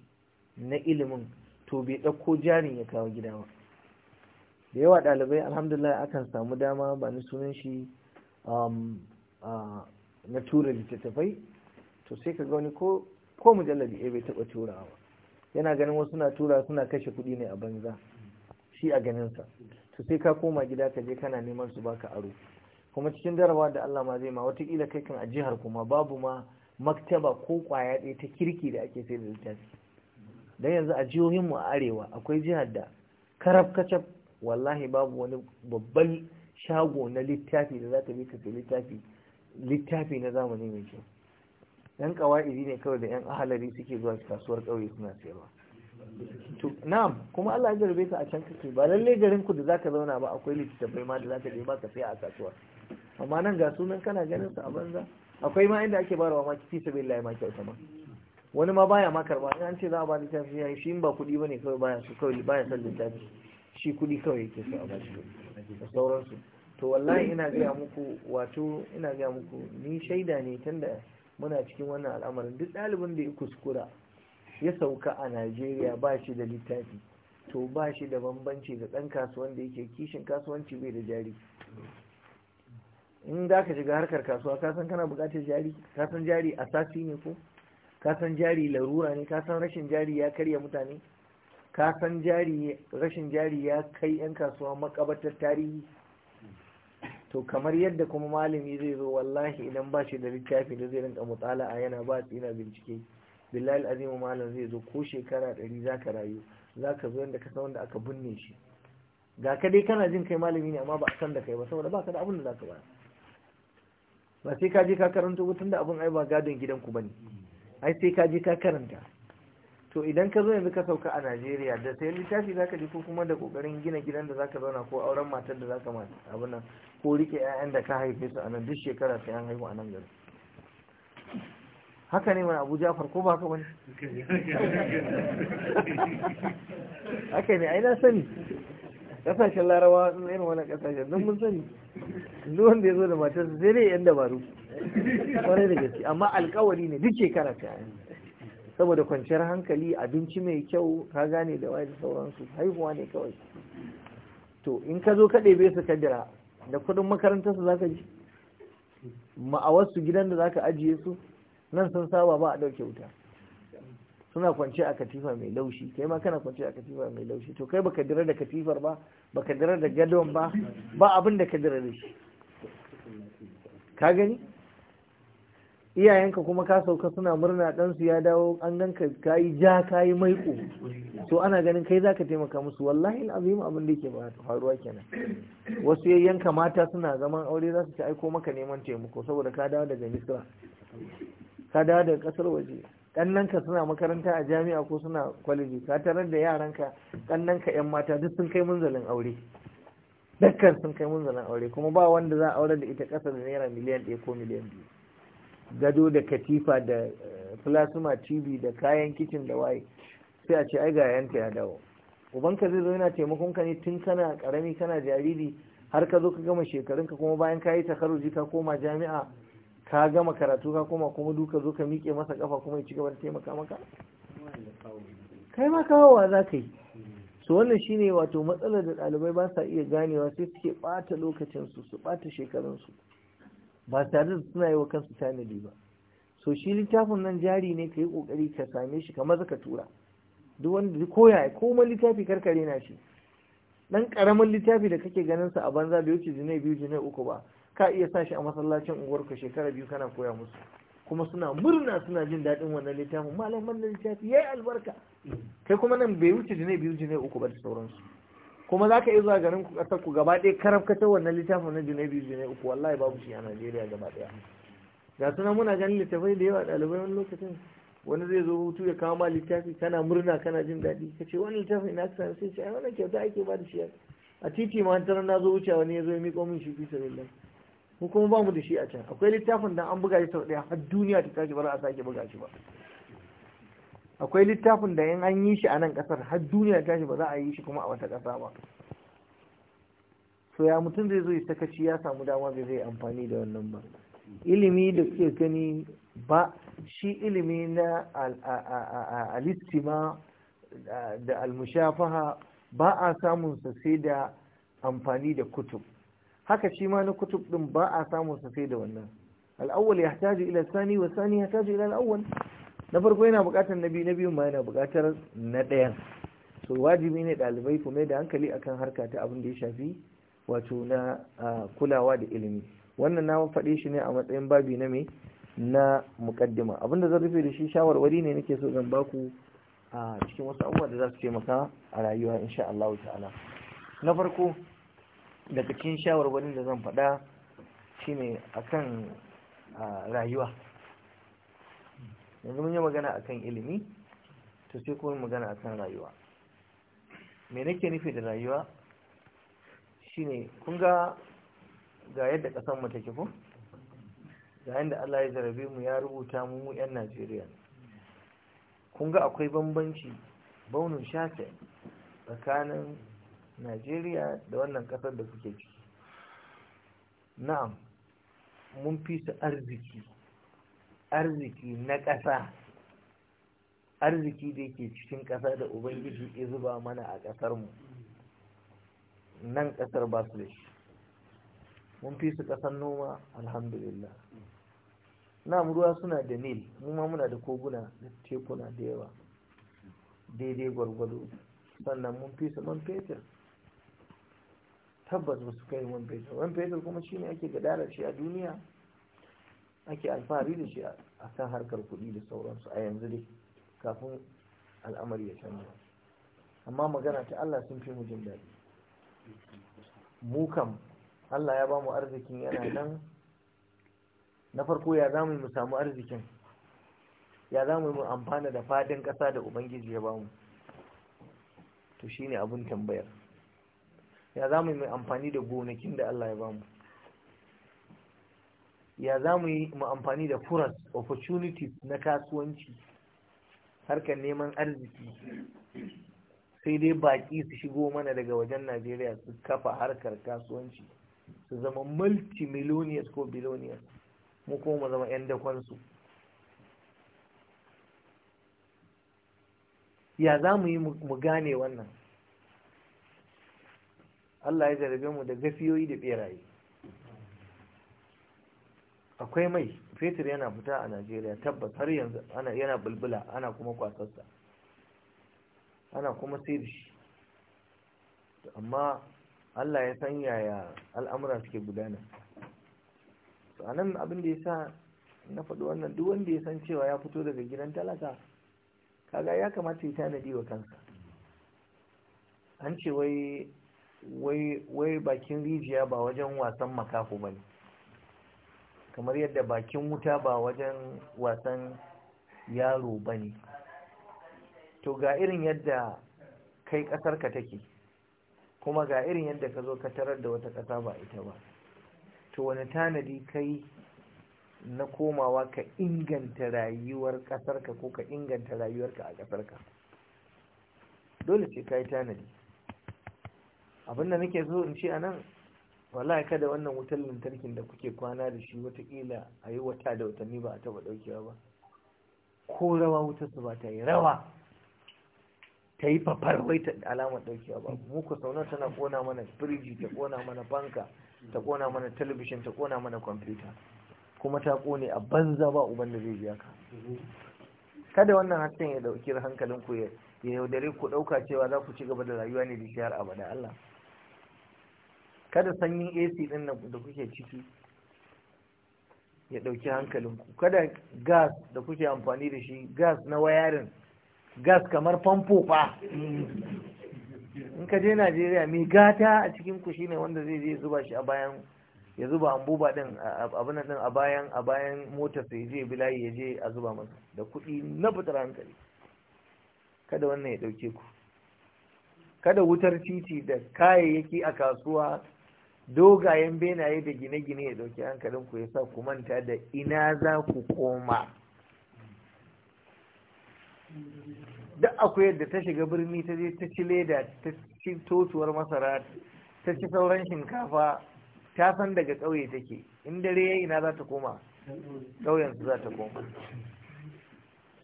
na ilimin to bai ɗauko jarin ya kawo gida ba da yawa ɗalibai alhamdulillah akan samu dama ba ni sunan shi um, na tura littattafai to sai ka wani ko ko mujallabi bai taɓa turawa yana ganin wasu na tura suna kashe kuɗi ne a banza shi a ganinsa su sai ka koma gida ka je kana neman su baka aro kuma cikin jarabawa da Allah ma zai ma watakila kai kan a jihar kuma babu ma maktaba ko kwaya ɗaya ta kirki da ake sai da littafi don yanzu a jihohin mu a arewa akwai jihar da karab kacab wallahi babu wani babban shago na littafi da za ka bi ka sai littafi littafi na zamani mai kyau yan kawai ne kawai da yan ahalari suke zuwa kasuwar ƙauye suna sayarwa na'am kuma Allah ya jarbe ka a can kake ba lalle garin ku da zaka zauna ba akwai littattafai ma da zaka je ba ka a kasuwa amma nan ga sunan kana ganin su a banza akwai ma inda ake barawa ma fi Allah ma kyauta ma wani ma baya ma karba an ce za a ba tafi ya shi in ba kudi bane kawai baya su kawai baya san littafi shi kudi kawai yake su a ba shi da sauransu to wallahi ina gaya muku wato ina gaya muku ni shaida ne tunda muna cikin wannan al'amarin duk ɗalibin da ya kuskura ya sauka a najeriya ba shi da littafi to ba shi da bambanci da ɗan kasuwan da yake kishin kasuwanci bai da jari in za ka shiga harkar kasuwa kasan kana buƙatar jari kasan jari asasi ne ko kasan jari larura ne kasan rashin jari ya karya mutane kasan jari rashin jari ya kai 'yan kasuwa makabatar tarihi to kamar yadda kuma malami zai zo wallahi idan ba shi da littafi da zai rinka mutsala a yana ba tsina bincike billahi azimu malam zai zo ko shekara ɗari za ka rayu za ka zo yadda ka san wanda aka binne shi ga ka dai kana jin kai malami ne amma ba a san da kai ba saboda ba ka da abin da za ka bayar ba sai ka je ka karanta ba tunda abin ai ba gadon gidanku ba ne ai sai ka je ka karanta to idan ka zo yanzu ka sauka a najeriya da sayan littafi za ka ji ko kuma da kokarin gina gidan da za ka zauna ko auren matar da za ka mata abin nan ko rike 'ya'yan da ka haife su a nan duk shekara sai an haihu a nan gari haka ne mana abu jafar ko ba haka wani haka ne aina sani kasashen larawa na irin wani kasashen don mun sani duk wanda ya zo da matar su sai dai yan dabaru kwarai da gaske amma alkawari ne duk shekara ta saboda kwanciyar hankali abinci mai kyau ka gane da waye sauransu haihuwa ne kawai to in ka zo ka bai su ka jira da kuɗin makarantar su ka ji ma'awarsu gidan da za ka ajiye su nan sun saba ba a ɗauke wuta suna kwance a katifa mai laushi kai ma kana kwance a katifa mai laushi to kai baka dira da katifar ba baka dira da gadon ba ba abin da ka dira da shi ka gani iyayenka kuma ka sauka suna murna ɗansu ya dawo an gan ka yi ja kayi yi to ana ganin kai za ka taimaka musu wallahi azim abin da yake faruwa kenan wasu yayyanka mata suna zaman aure za su ci aiko maka neman taimako saboda ka dawo daga misira ka dawo daga kasar waje Ƙannanka suna makaranta a jami'a ko suna kwaleji ka tarar da yaranka kannanka yan mata duk sun kai munzalin aure dukkan sun kai munzalin aure kuma ba wanda za a aure da ita ƙasa da naira miliyan ɗaya ko miliyan biyu gado da katifa da eh, plasma tv da kayan kicin da waye sai a ce ai ga yanta ya dawo ubanka zai zo yana taimakon ka ne tun kana karami kana jariri har ka zo ka gama shekarunka kuma bayan ka yi takaruji ka koma jami'a ka gama karatu ka kuma kuma duka zo ka miƙe masa kafa kuma ya ci gaba da taimaka maka kai ma kawowa za ka yi su wannan shine wato matsalar da ɗalibai ba sa iya ganewa sai suke ɓata lokacinsu su ɓata shekarunsu ba tare da suna yi wa kansu tanadi ba so shi littafin nan jari ne ka yi ƙoƙari ka same shi kamar ka tura duk wanda koya ko ma littafi karkare na shi dan ƙaramin littafi da kake ganin sa a banza bai wuce jinai biyu jinai uku ba ka iya sa shi a masallacin unguwarka shekara biyu kana koya musu kuma suna murna suna jin daɗin wannan littafin malam wannan littafi yayi albarka kai kuma nan bai wuce jine biyu jine uku ba da sauransu kuma za ka iya zuwa garin ku ƙasar ku gaba ɗaya karafkata wannan littafin na jine biyu jine uku wallahi babu shi a Najeriya gaba ɗaya ga suna muna ganin littafai da yawa ɗalibai wani lokacin wani zai zo hutu ya kawo ma littafi kana murna kana jin daɗi ka ce wani littafin na sami sai ce ai wannan kyauta ake ba da shi a titi ma na zo wuce wani ya zo ya miƙo min shi fi sabilillah mu kuma ba mu da shi a can akwai littafin da an buga shi sau ɗaya har duniya ta tashi ba a sake buga shi ba akwai littafin da in an yi shi a nan ƙasar har duniya ta tashi ba za a yi shi kuma a wata kasa ba so ya mutum zai zo ya sakaci ya samu dama bai zai amfani da wannan ba ilimi da kuke gani ba shi ilimi na alistima da almushafaha ba a samun sa sai da amfani da kutub haka shi ma na kutub din ba a samun safe da wannan al'awwal ya yahtaju ila sani wa sani yahtaju ila al'awwal na farko yana bukatar nabi na biyun ma yana buƙatar na ɗayan so wajibi ne ɗalibai ku mai da hankali akan harka ta abin da ya shafi wato na kulawa da ilimi wannan na faɗe shi ne a matsayin babi na mai na abin abinda zan rufe da shi shawarwari ne nake so zan baku a cikin wasu abubuwa da za su taimaka a rayuwa insha Allah ta'ala na farko daga cikin shawarwarin da zan faɗa shine akan rayuwa yanzu mun yi magana akan ilimi to sai kuma magana akan rayuwa me nake nufi da rayuwa shine kun ga ga yadda ƙasar mu take ko ga yadda Allah ya zarabe mu ya rubuta mu mu 'yan Najeriya kun ga akwai bambanci baunin shafe tsakanin najeriya da wannan kasar da kuke ciki na'am mun fi su arziki arziki na ƙasa arziki da yake cikin ƙasa da ubangiji ya zuba mana a ƙasarmu nan ƙasar ba su da shi mun fi su ƙasar noma alhamdulillah Na'am, ruwa suna da nil mu ma muna da koguna da tekuna da yawa daidai gwargwado sannan mun fi su man fetur tabbas ba su kai wani fetur wani fetur kuma shi ne ake gadara shi a duniya ake alfahari da shi a kan harkar kuɗi da sauransu a yanzu dai kafin al'amari ya canza amma magana ta Allah sun fi mu jin daɗi mu Allah ya ba mu arzikin yana nan na farko ya za mu samu arzikin ya za mu amfana da fadin ƙasa da ubangiji ya ba mu to shine abin tambayar ya za mu yi mai amfani da gonakin da Allah ya ba mu ya za mu yi mai amfani da furas opportunities na kasuwanci harkar neman arziki sai dai baƙi su shigo mana daga wajen najeriya su kafa harkar kasuwanci su zama multimillionaires ko billionaires mu kuma mu zama 'yan dakonsu ya za mu yi mu gane wannan Allah ya jarabe mu da gafiyoyi da beraye akwai mai fetur yana fita a Najeriya tabbas har yanzu yana bulbula ana kuma kwasarsa ana kuma sayar shi amma Allah ya san yaya al'amura suke gudana to anan abin da yasa na faɗi wannan duk wanda ya san cewa ya fito daga gidan talaka kaga ya kamata ya tanadi wa kansa an ce wai wai bakin rijiya ba wajen wasan makafu ba ne kamar yadda bakin wuta ba wajen wasan yaro ba ne to ga irin yadda kai ƙasarka take kuma ga irin yadda ka zo ka tarar da wata ƙasa ba ita ba to wani tanadi kai na komawa ka inganta rayuwar ƙasarka ko ka inganta rayuwarka a ƙasarka dole ce ka yi tanadi abinda nake so in ce a nan wallahi kada wannan wutar lantarkin da kuke kwana da shi watakila a yi wata da watanni ba a taba daukewa ba ko rawa wutar su ba ta yi rawa ta yi fafar wai ta alamar daukewa ba mu ku sauna tana kona mana firiji ta kona mana banka ta kona mana talabishin ta kona mana kwamfuta kuma ta kone a banza ba uban da zai biya ka kada wannan hasken ya ɗauki hankalin ku ya yaudare ku ɗauka cewa za ku ci gaba da rayuwa ne da shiyar abada Allah kada sanyin AC din nan da kuke ciki ya dauki hankalinku kada gas da kuke amfani da shi gas na wayarin gas kamar famfo fa in ka je Najeriya mai gata a cikin ku shine wanda zai je zuba shi a bayan ya zuba ambuba din abin nan a bayan a bayan motar sai je bilayi ya je a zuba masa da kuɗi na fitar hankali kada wannan ya ɗauke ku kada wutar titi da kayayyaki a kasuwa dogayen benaye da gine-gine ya dauki hankalin ku sa ku manta da ina za ku koma duk akwai yadda ta shiga birni ta je ta ci leda ta ci totuwar masara ta ci sauran shinkafa ta san daga ƙauye take in dare ya ina za ta koma ƙauyen su za ta koma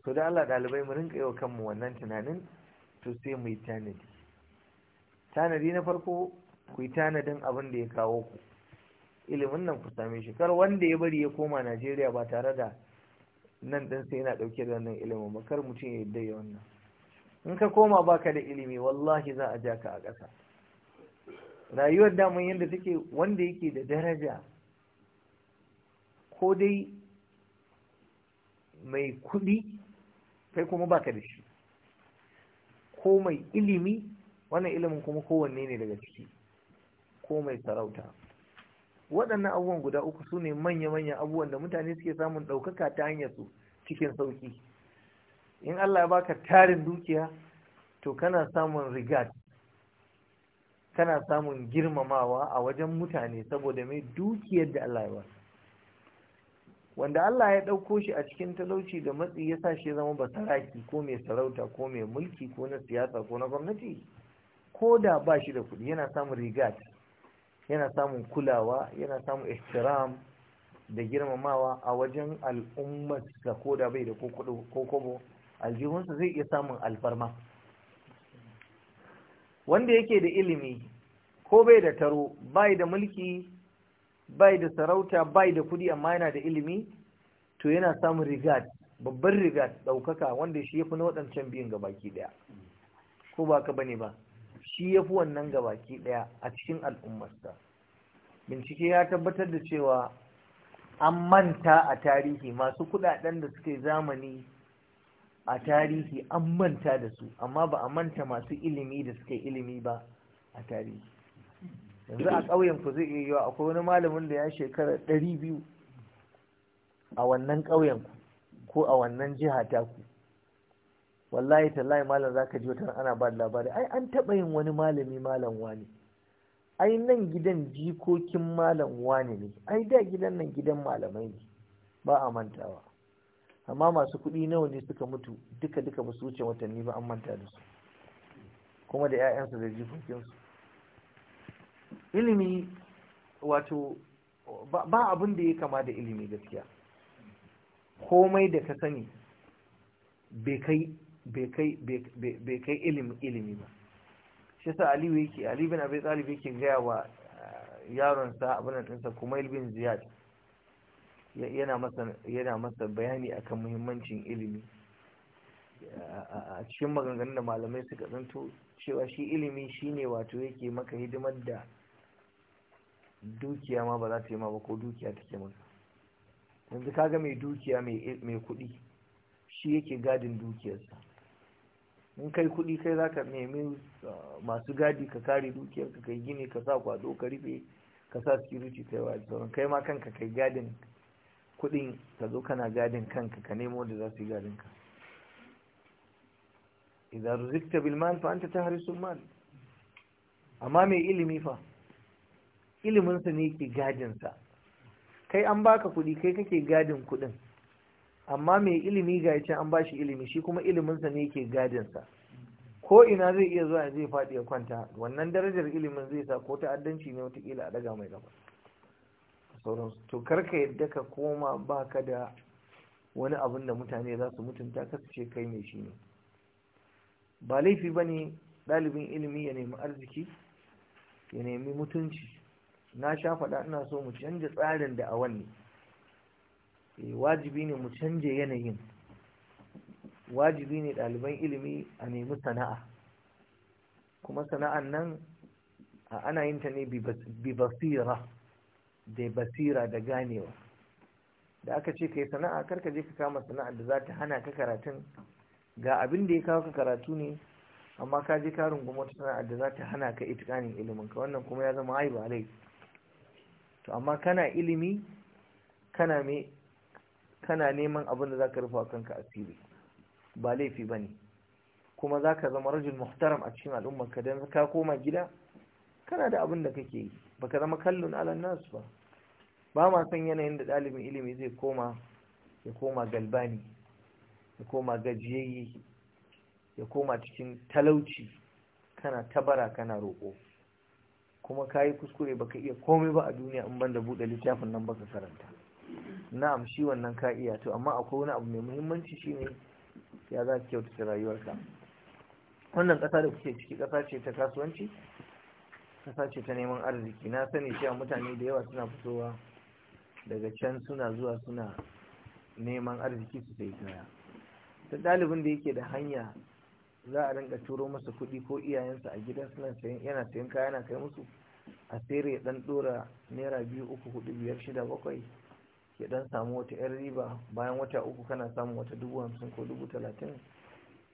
to da Allah ɗalibai mu rinka yau kanmu wannan tunanin to sai mu yi tanadi tanadi na farko ku yi tanadin abin da ya kawo ku ilimin nan ku same shi kar wanda ya bari ya koma najeriya ba tare da nan din sai yana ɗauke da wannan ilimin ba kar mutum ya yadda ya wannan in ka koma baka da ilimi wallahi za a ja ka a ƙasa rayuwar daman yadda take wanda yake da daraja ko dai mai kuɗi kai kuma baka da shi ko mai ilimi wannan ilimin kuma kowanne ne daga ciki ko mai sarauta waɗannan abubuwan guda uku su ne manya manya abubuwan da mutane suke samun ɗaukaka ta hanyar su cikin sauƙi in Allah ya baka tarin dukiya to kana samun rigat kana samun girmamawa a wajen mutane saboda mai dukiyar da Allah ya ba wanda Allah ya ɗauko shi a cikin talauci da matsi ya sa shi zama basaraki ko mai sarauta ko mai mulki ko na siyasa ko na gwamnati ko da ba shi da kuɗi yana samun rigat yana samun kulawa yana samun ihtiram da girmamawa a wajen al'ummarsa ko da bai da ko kobo aljihunsa zai iya samun alfarma wanda yake da ilimi ko bai da taro bai da mulki bai da sarauta bai da kudi amma yana da ilimi to yana samun rigat babban rigat ɗaukaka, wanda shi ya fi na waɗancan biyun gabaki baki daya ko ba ka bane ba shi ya fi wannan gabaki ɗaya a cikin al'ummarsa bincike ya tabbatar da cewa an manta a tarihi masu kuɗaɗen da suke zamani a tarihi an manta da su amma ba a manta masu ilimi da suke ilimi ba a tarihi yanzu a ƙauyen ku zai iya yiwa akwai wani malamin da ya shekara ɗari biyu a wannan ƙauyen ku ko a wannan jiha ku. wallahi tallahi malam za ka ji wata ana ba da labari ai an taɓa yin wani malami malam wani ai nan gidan jikokin malam wani ne ai da gidan nan gidan malamai ne ba a mantawa amma masu kuɗi nawa ne suka mutu duka duka ba su wuce watanni ba an manta da su kuma da 'ya'yansu da jikokinsu ilimi wato ba abin da ya kama da ilimi gaskiya komai da ka sani bai kai bai kai ilimi ba shi sa aliyu yake Aliyu bin abi yake gaya wa eh, yaronsa abin ɗinsa kuma bin ziyad yana masa bayani akan muhimmancin ilimi eh, a cikin maganganun da malamai suka zanto cewa shi ilimi shine wato yake maka hidimar da dukiya ma ba za ta yi ma ba ko dukiya ke maka yanzu kaga mai dukiya mai kuɗi shi yake gadin dukiyarsa in kai kuɗi kai za ka nemi uh, masu gadi ka kare dukiyar ka kai gini ka sa kwado ka rufe ka sa security kai wa sauran kai ma kanka kai gadin kuɗin ka zo kana gadin kanka ka nemo da za su yi gadin ka idan ruzikta bil mal fa anta tahrisul mal amma mai ilimi fa iliminsa ne ke gadinsa kai an baka kuɗi kai kake gadin kuɗin amma mai ilimi ga ya an shi ilimi shi kuma iliminsa ne yake gadinsa ko ina zai iya zuwa zai faɗi ya kwanta wannan darajar ilimin zai sa ko ta'addanci ne watakila a daga mai gaba sauransu to karka yadda ka koma ba ka da wani abin da mutane za su mutunta ka ce kai mai shi ne ba laifi ba ne ɗalibin ilimi ya nemi arziki ya nemi mutunci na sha faɗa ina so mu canja tsarin da a wannan Eh, wajibi ne mu canje yanayin wajibi ne ɗaliban ilimi a nemi sana'a kuma sana'an nan ana yin ta ne bi basira da basira da ganewa da aka ce ka yi sana'a ka je ka kama sana'a da za ta hana ka karatun ga abin da ya kawo ka karatu ne amma ka je ka rungumi wata sana'a da za ta hana ka itikanin ilimin ka wannan kuma ya zama haiba alai to amma kana ilimi kana mai kana neman abin da za ka rufa kanka asiri ba laifi ba ne. kuma za ka zama rajin muhtaram a cikin al'umma ka don ka koma gida kana da abin da kake yi ba ka zama kallon alan nasu ba ba ma san yanayin da ɗalibin ilimi zai koma ya koma galbani ya koma gajiyayye ya koma cikin talauci kana tabara kana roƙo kuma ka yi kuskure baka iya komai ba a duniya in ban banda buɗe littafin nan baka karanta na'am shi wannan ka iya to amma akwai wani abu mai muhimmanci shine ya za kyautata rayuwarka wannan ƙasa da kuke ciki ƙasa ce ta kasuwanci ƙasa ce ta neman arziki na sani cewa mutane da yawa suna fitowa daga can suna zuwa suna neman arziki su sai kaya ta ɗalibin da yake da hanya za a rinka turo masa kuɗi ko iyayensa a gidan suna sayan yana sayan kaya yana kai musu a sayar ɗan ɗora naira biyu uku hudu biyar shida bakwai ya dan samu wata 'yan riba bayan wata uku kana samun wata dubu hamsin ko dubu talatin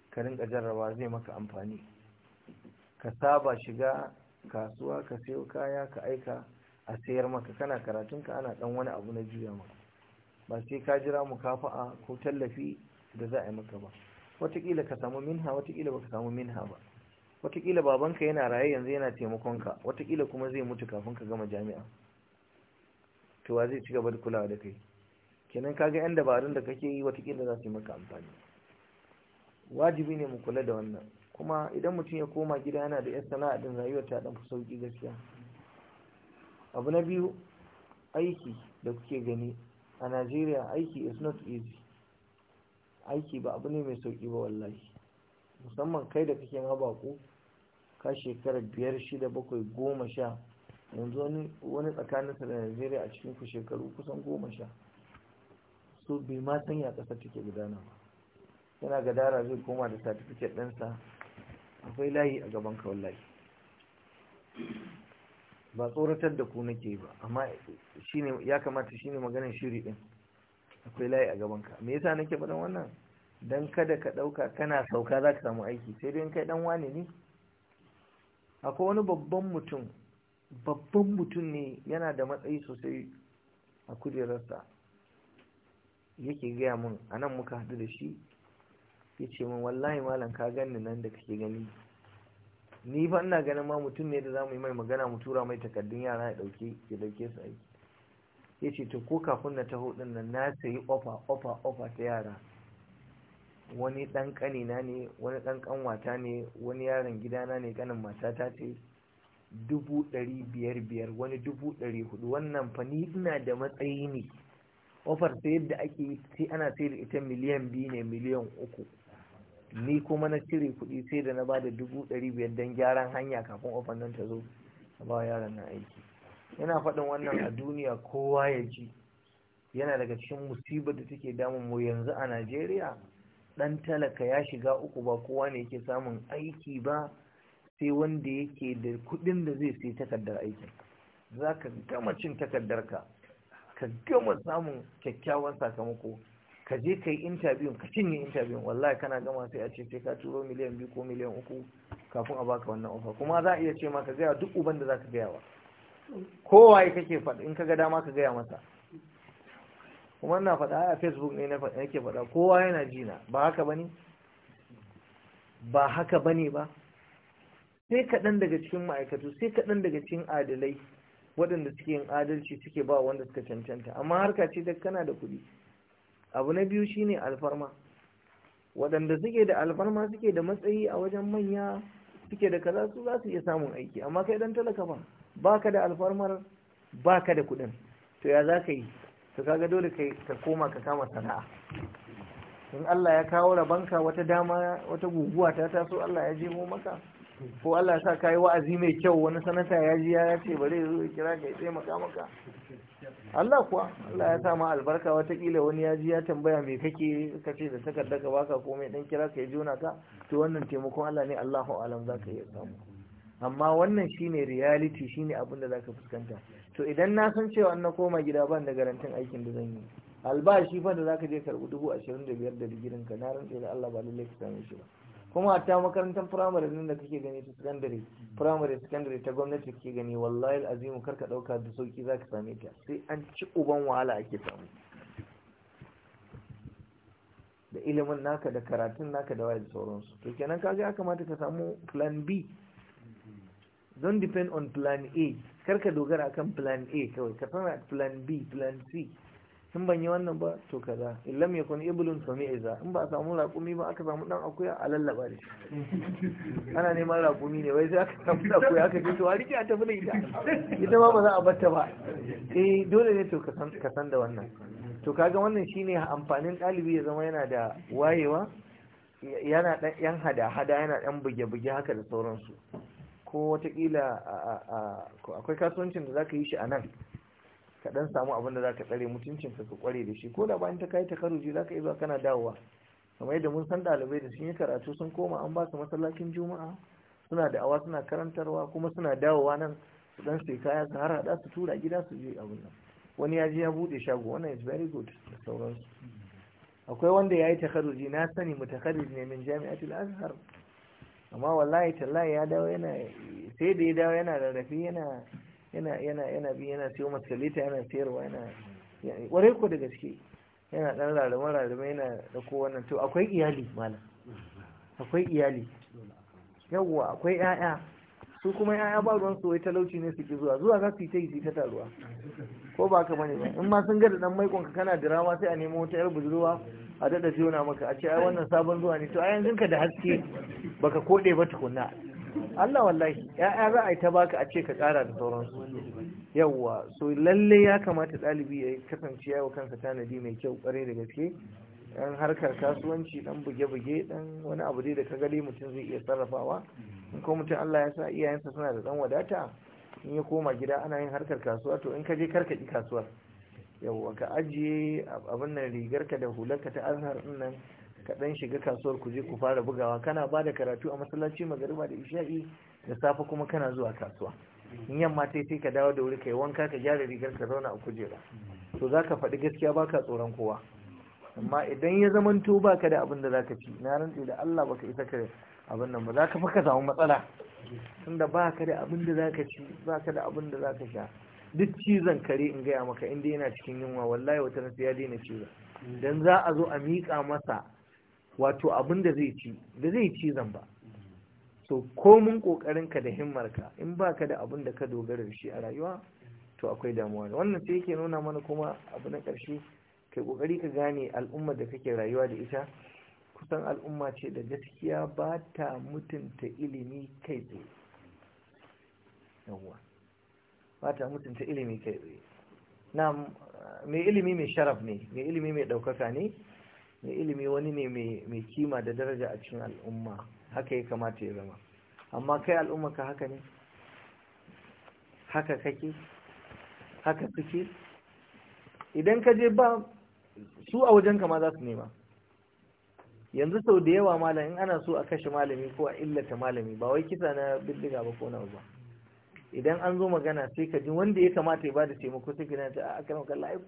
ka rinka jarraba zai maka amfani ka saba shiga kasuwa ka sayo kaya ka aika a sayar maka kana karatunka ana dan wani abu na juya maka ba sai ka jira mukafa'a ko tallafi da za a yi maka ba watakila ka samu minha watakila baka samu minha ba watakila babanka yana raye yanzu yana taimakonka watakila kuma zai mutu kafin ka gama jami'a to wa zai ci gaba da kulawa da kai kenan kaga yan dabarun da kake yi watakila za su yi maka amfani wajibi ne mu kula da wannan kuma idan mutum ya koma gida yana da yan sana'a din rayuwar ta dan sauki gaskiya abu na biyu aiki da kuke gani a Najeriya aiki is not easy aiki ba abu ne mai sauki ba wallahi musamman kai da kake ma ka shekarar biyar shida bakwai goma sha yanzu wani tsakaninsa da najeriya a cikin ku shekaru kusan goma sha so bai ma san ya ƙasar take gudana ba yana gadara zai koma da satifiket ɗinsa akwai layi a gaban kawai layi ba tsoratar da ku nake ba amma ya kamata shine maganin shiri din akwai layi a gaban ka me yasa nake faɗin wannan dan kada ka ɗauka kana sauka za ka samu aiki sai dai kai ɗan wane ne akwai wani babban mutum babban mutum ne yana da matsayi sosai a kujerarsa yake gaya mun a nan muka hadu da shi ya ce min wallahi malam ka gani nan da kake gani ni ba ina ganin ma mutum ne da za mu yi mai magana mu tura mai takardun yara ya ɗauke ya ɗauke su aiki ya ce to ko kafin na taho din nan na sayi ofa ofa ofa ta yara wani ɗan ƙanina ne wani ɗan ƙanwata ne wani yaron gidana ne ƙanin matata ce dubu ɗari biyar biyar wani dubu ɗari hudu wannan fani ni ina da matsayi ne ofar sai yadda ake sai ana sai da ita miliyan biyu ne miliyan uku ni kuma na cire kuɗi sai da na bada dubu ɗari biyar don gyaran hanya kafin ofar nan ta zo na ba yaron nan aiki yana faɗin wannan a duniya kowa ya ji yana daga cikin musibar da take damun mu yanzu a najeriya ɗan talaka ya shiga uku ba kowa ne yake samun aiki ba sai wanda yake da kudin da zai sai takardar aiki za ka gama cin takardarka ka Ka gama samun kyakkyawan sakamako ka je ka yi intabiyon, ka cinye intabiyun wallahi kana gama sai a ce sai ka turo miliyan biyu ko miliyan uku kafin a baka wannan ofa kuma za a iya ce ma ka gaya duk uban da za ka gaya wa kowaye kake faɗa in ka ga dama ka gaya masa kuma ina faɗa a facebook ne ke faɗa kowa yana jina ba haka bane ba haka bane ba sai kaɗan daga cikin ma'aikatu sai kaɗan daga cikin adalai waɗanda suke yin adalci suke ba wanda suka cancanta amma harka ce da kana da kuɗi abu na biyu shine alfarma waɗanda suke da alfarma suke da matsayi a wajen manya suke da kaza su za su iya samun aiki amma kai dan talaka ba baka da alfarmar baka da kuɗin to ya za ka yi to kaga dole ka koma ka kama sana'a in Allah ya kawo rabanka wata dama wata guguwa ta taso Allah ya jemo maka ko Allah ya sa kai wa'azi mai kyau wani sanata ya ji ya ce bare zo kira ka sai maka maka Allah kuwa Allah ya sa ma albarka watakila wani ya ji ya tambaya me kake kace da takarda ka baka komai dan kira ka ya jona ka to wannan taimakon Allah ne Allahu alam zaka iya samu amma wannan shine reality shine abin da zaka fuskanta to idan na san cewa na koma gida ban da garantin aikin da zan yi albashi fa da zaka je karbu dubu ashirin da biyar da ka na rantsa da Allah ba lallai ka same shi ba kuma a ta makarantar firamare nan da kake gani ta secondary firamare secondary ta gwamnati kake gani wallahi azimu karka dauka da sauki zaka same ta sai an ci uban wahala ake samu da ilimin naka da karatun naka da wayar sauransu to kenan kaga ya kamata ka samu plan B don depend on plan A karka dogara akan plan A kawai ka sanar plan B plan C in ban yi wannan ba to kaza in lam yakun iblun fa mi'za in ba a samu raƙumi ba aka samu dan akuya a lallaba da *laughs* ana neman raƙumi ne wai sai aka samu dan akuya aka ce to a rike a tafi da ita ita ma ba za a batta ba eh dole ne to ka san ka san da wannan to kaga wannan shine amfanin ɗalibi ya zama yana da wayewa yana dan yan hada hada yana dan buge buge haka da sauransu ko watakila akwai kasuwancin da zaka yi shi a nan ka dan samu abin da zaka tsare mutuncin ka kware da shi ko da bayan ta kai za ka iya zuwa kana dawowa kamar yadda mun san dalibai da sun yi karatu sun koma an ba su masallacin juma'a suna da awa suna karantarwa kuma suna dawowa nan su dan sai kaya su har hada su tura gida su je abin nan wani ya je ya bude shago wannan is very good da sauransu akwai wanda ya yi takaruji na sani mu mutakarrij ne min jami'atul azhar amma wallahi tallahi ya dawo yana sai da ya dawo yana rarrafe yana yana yana yana bi yana sayo matsalita yana sayarwa yana ware ko da gaske yana dan rarrama rarrama yana da ko wannan to akwai iyali mana akwai iyali yawwa akwai ƴaƴa su kuma yaya ba ruwan su wai talauci ne suke zuwa zuwa za su yi ta yi ta taruwa ko ba ka bane ba in ma sun gada da dan maikon ka kana dirama sai a nemo wata yar budurwa a dada jona maka a ce ai wannan sabon zuwa ne to a yanzu ka da haske baka kode ba tukunna Allah wallahi ya'ya za a ta baka a ce ka kara da sauransu yawwa so lalle ya kamata ɗalibi ya kasance yawo kansa tanadi mai kyau kware da gaske dan harkar kasuwanci ɗan buge-buge ɗan wani abu dai da ka gani mutum zai iya sarrafawa in ko mutum Allah ya sa iyayensa suna da ɗan wadata in ya koma gida ana yin harkar kasuwa to in ka je karka ki kasuwar yawwa ka ajiye abin nan rigarka da hularka ta azhar nan Kaɗan shiga kasuwar ku je ku fara bugawa kana ba da karatu a masallaci magariba da isha'i da safe kuma kana zuwa kasuwa in yamma sai sai ka dawo da wuri kai wanka ka gyara rigar ka zauna a kujera to zaka faɗi gaskiya baka tsoron kowa amma idan ya zamanto baka da abin da zaka ci na rantsi da Allah baka isa ka abin nan ba zaka faka samu matsala tunda baka da abin da zaka ci baka da abin da zaka sha duk cizon kare in gaya maka inda yana cikin yunwa wallahi wata nasu ya daina cizon dan za a zo a miƙa masa wato abin da zai ci da zai ci zan ba so komun ka da himmarka in baka da abin da ka dogara da shi a rayuwa to akwai damuwa ne wannan sai yake nuna mana kuma abu na karshe kai kokari ka gane al'ummar da kake rayuwa da ita kusan al'umma ce da gaskiya ba ta mutunta ilimi kai tsaye yawwa ba ta mutunta ilimi kai tsaye na mai ilimi mai sharaf ne mai ilimi mai ɗaukaka ne mai ilimi wani ne mai kima da daraja a cikin al'umma haka ya kamata ya zama amma kai al'umma ka haka ne haka kake haka suke idan ka je ba su a wajenka ma za su nema yanzu sau da yawa malam in ana so a kashe malami ko a illata malami ba wai kisa na bindiga ba ko nawa ba idan an zo magana sai ka ji wanda ya kamata ya bada taimako sai ka ta a kan kallon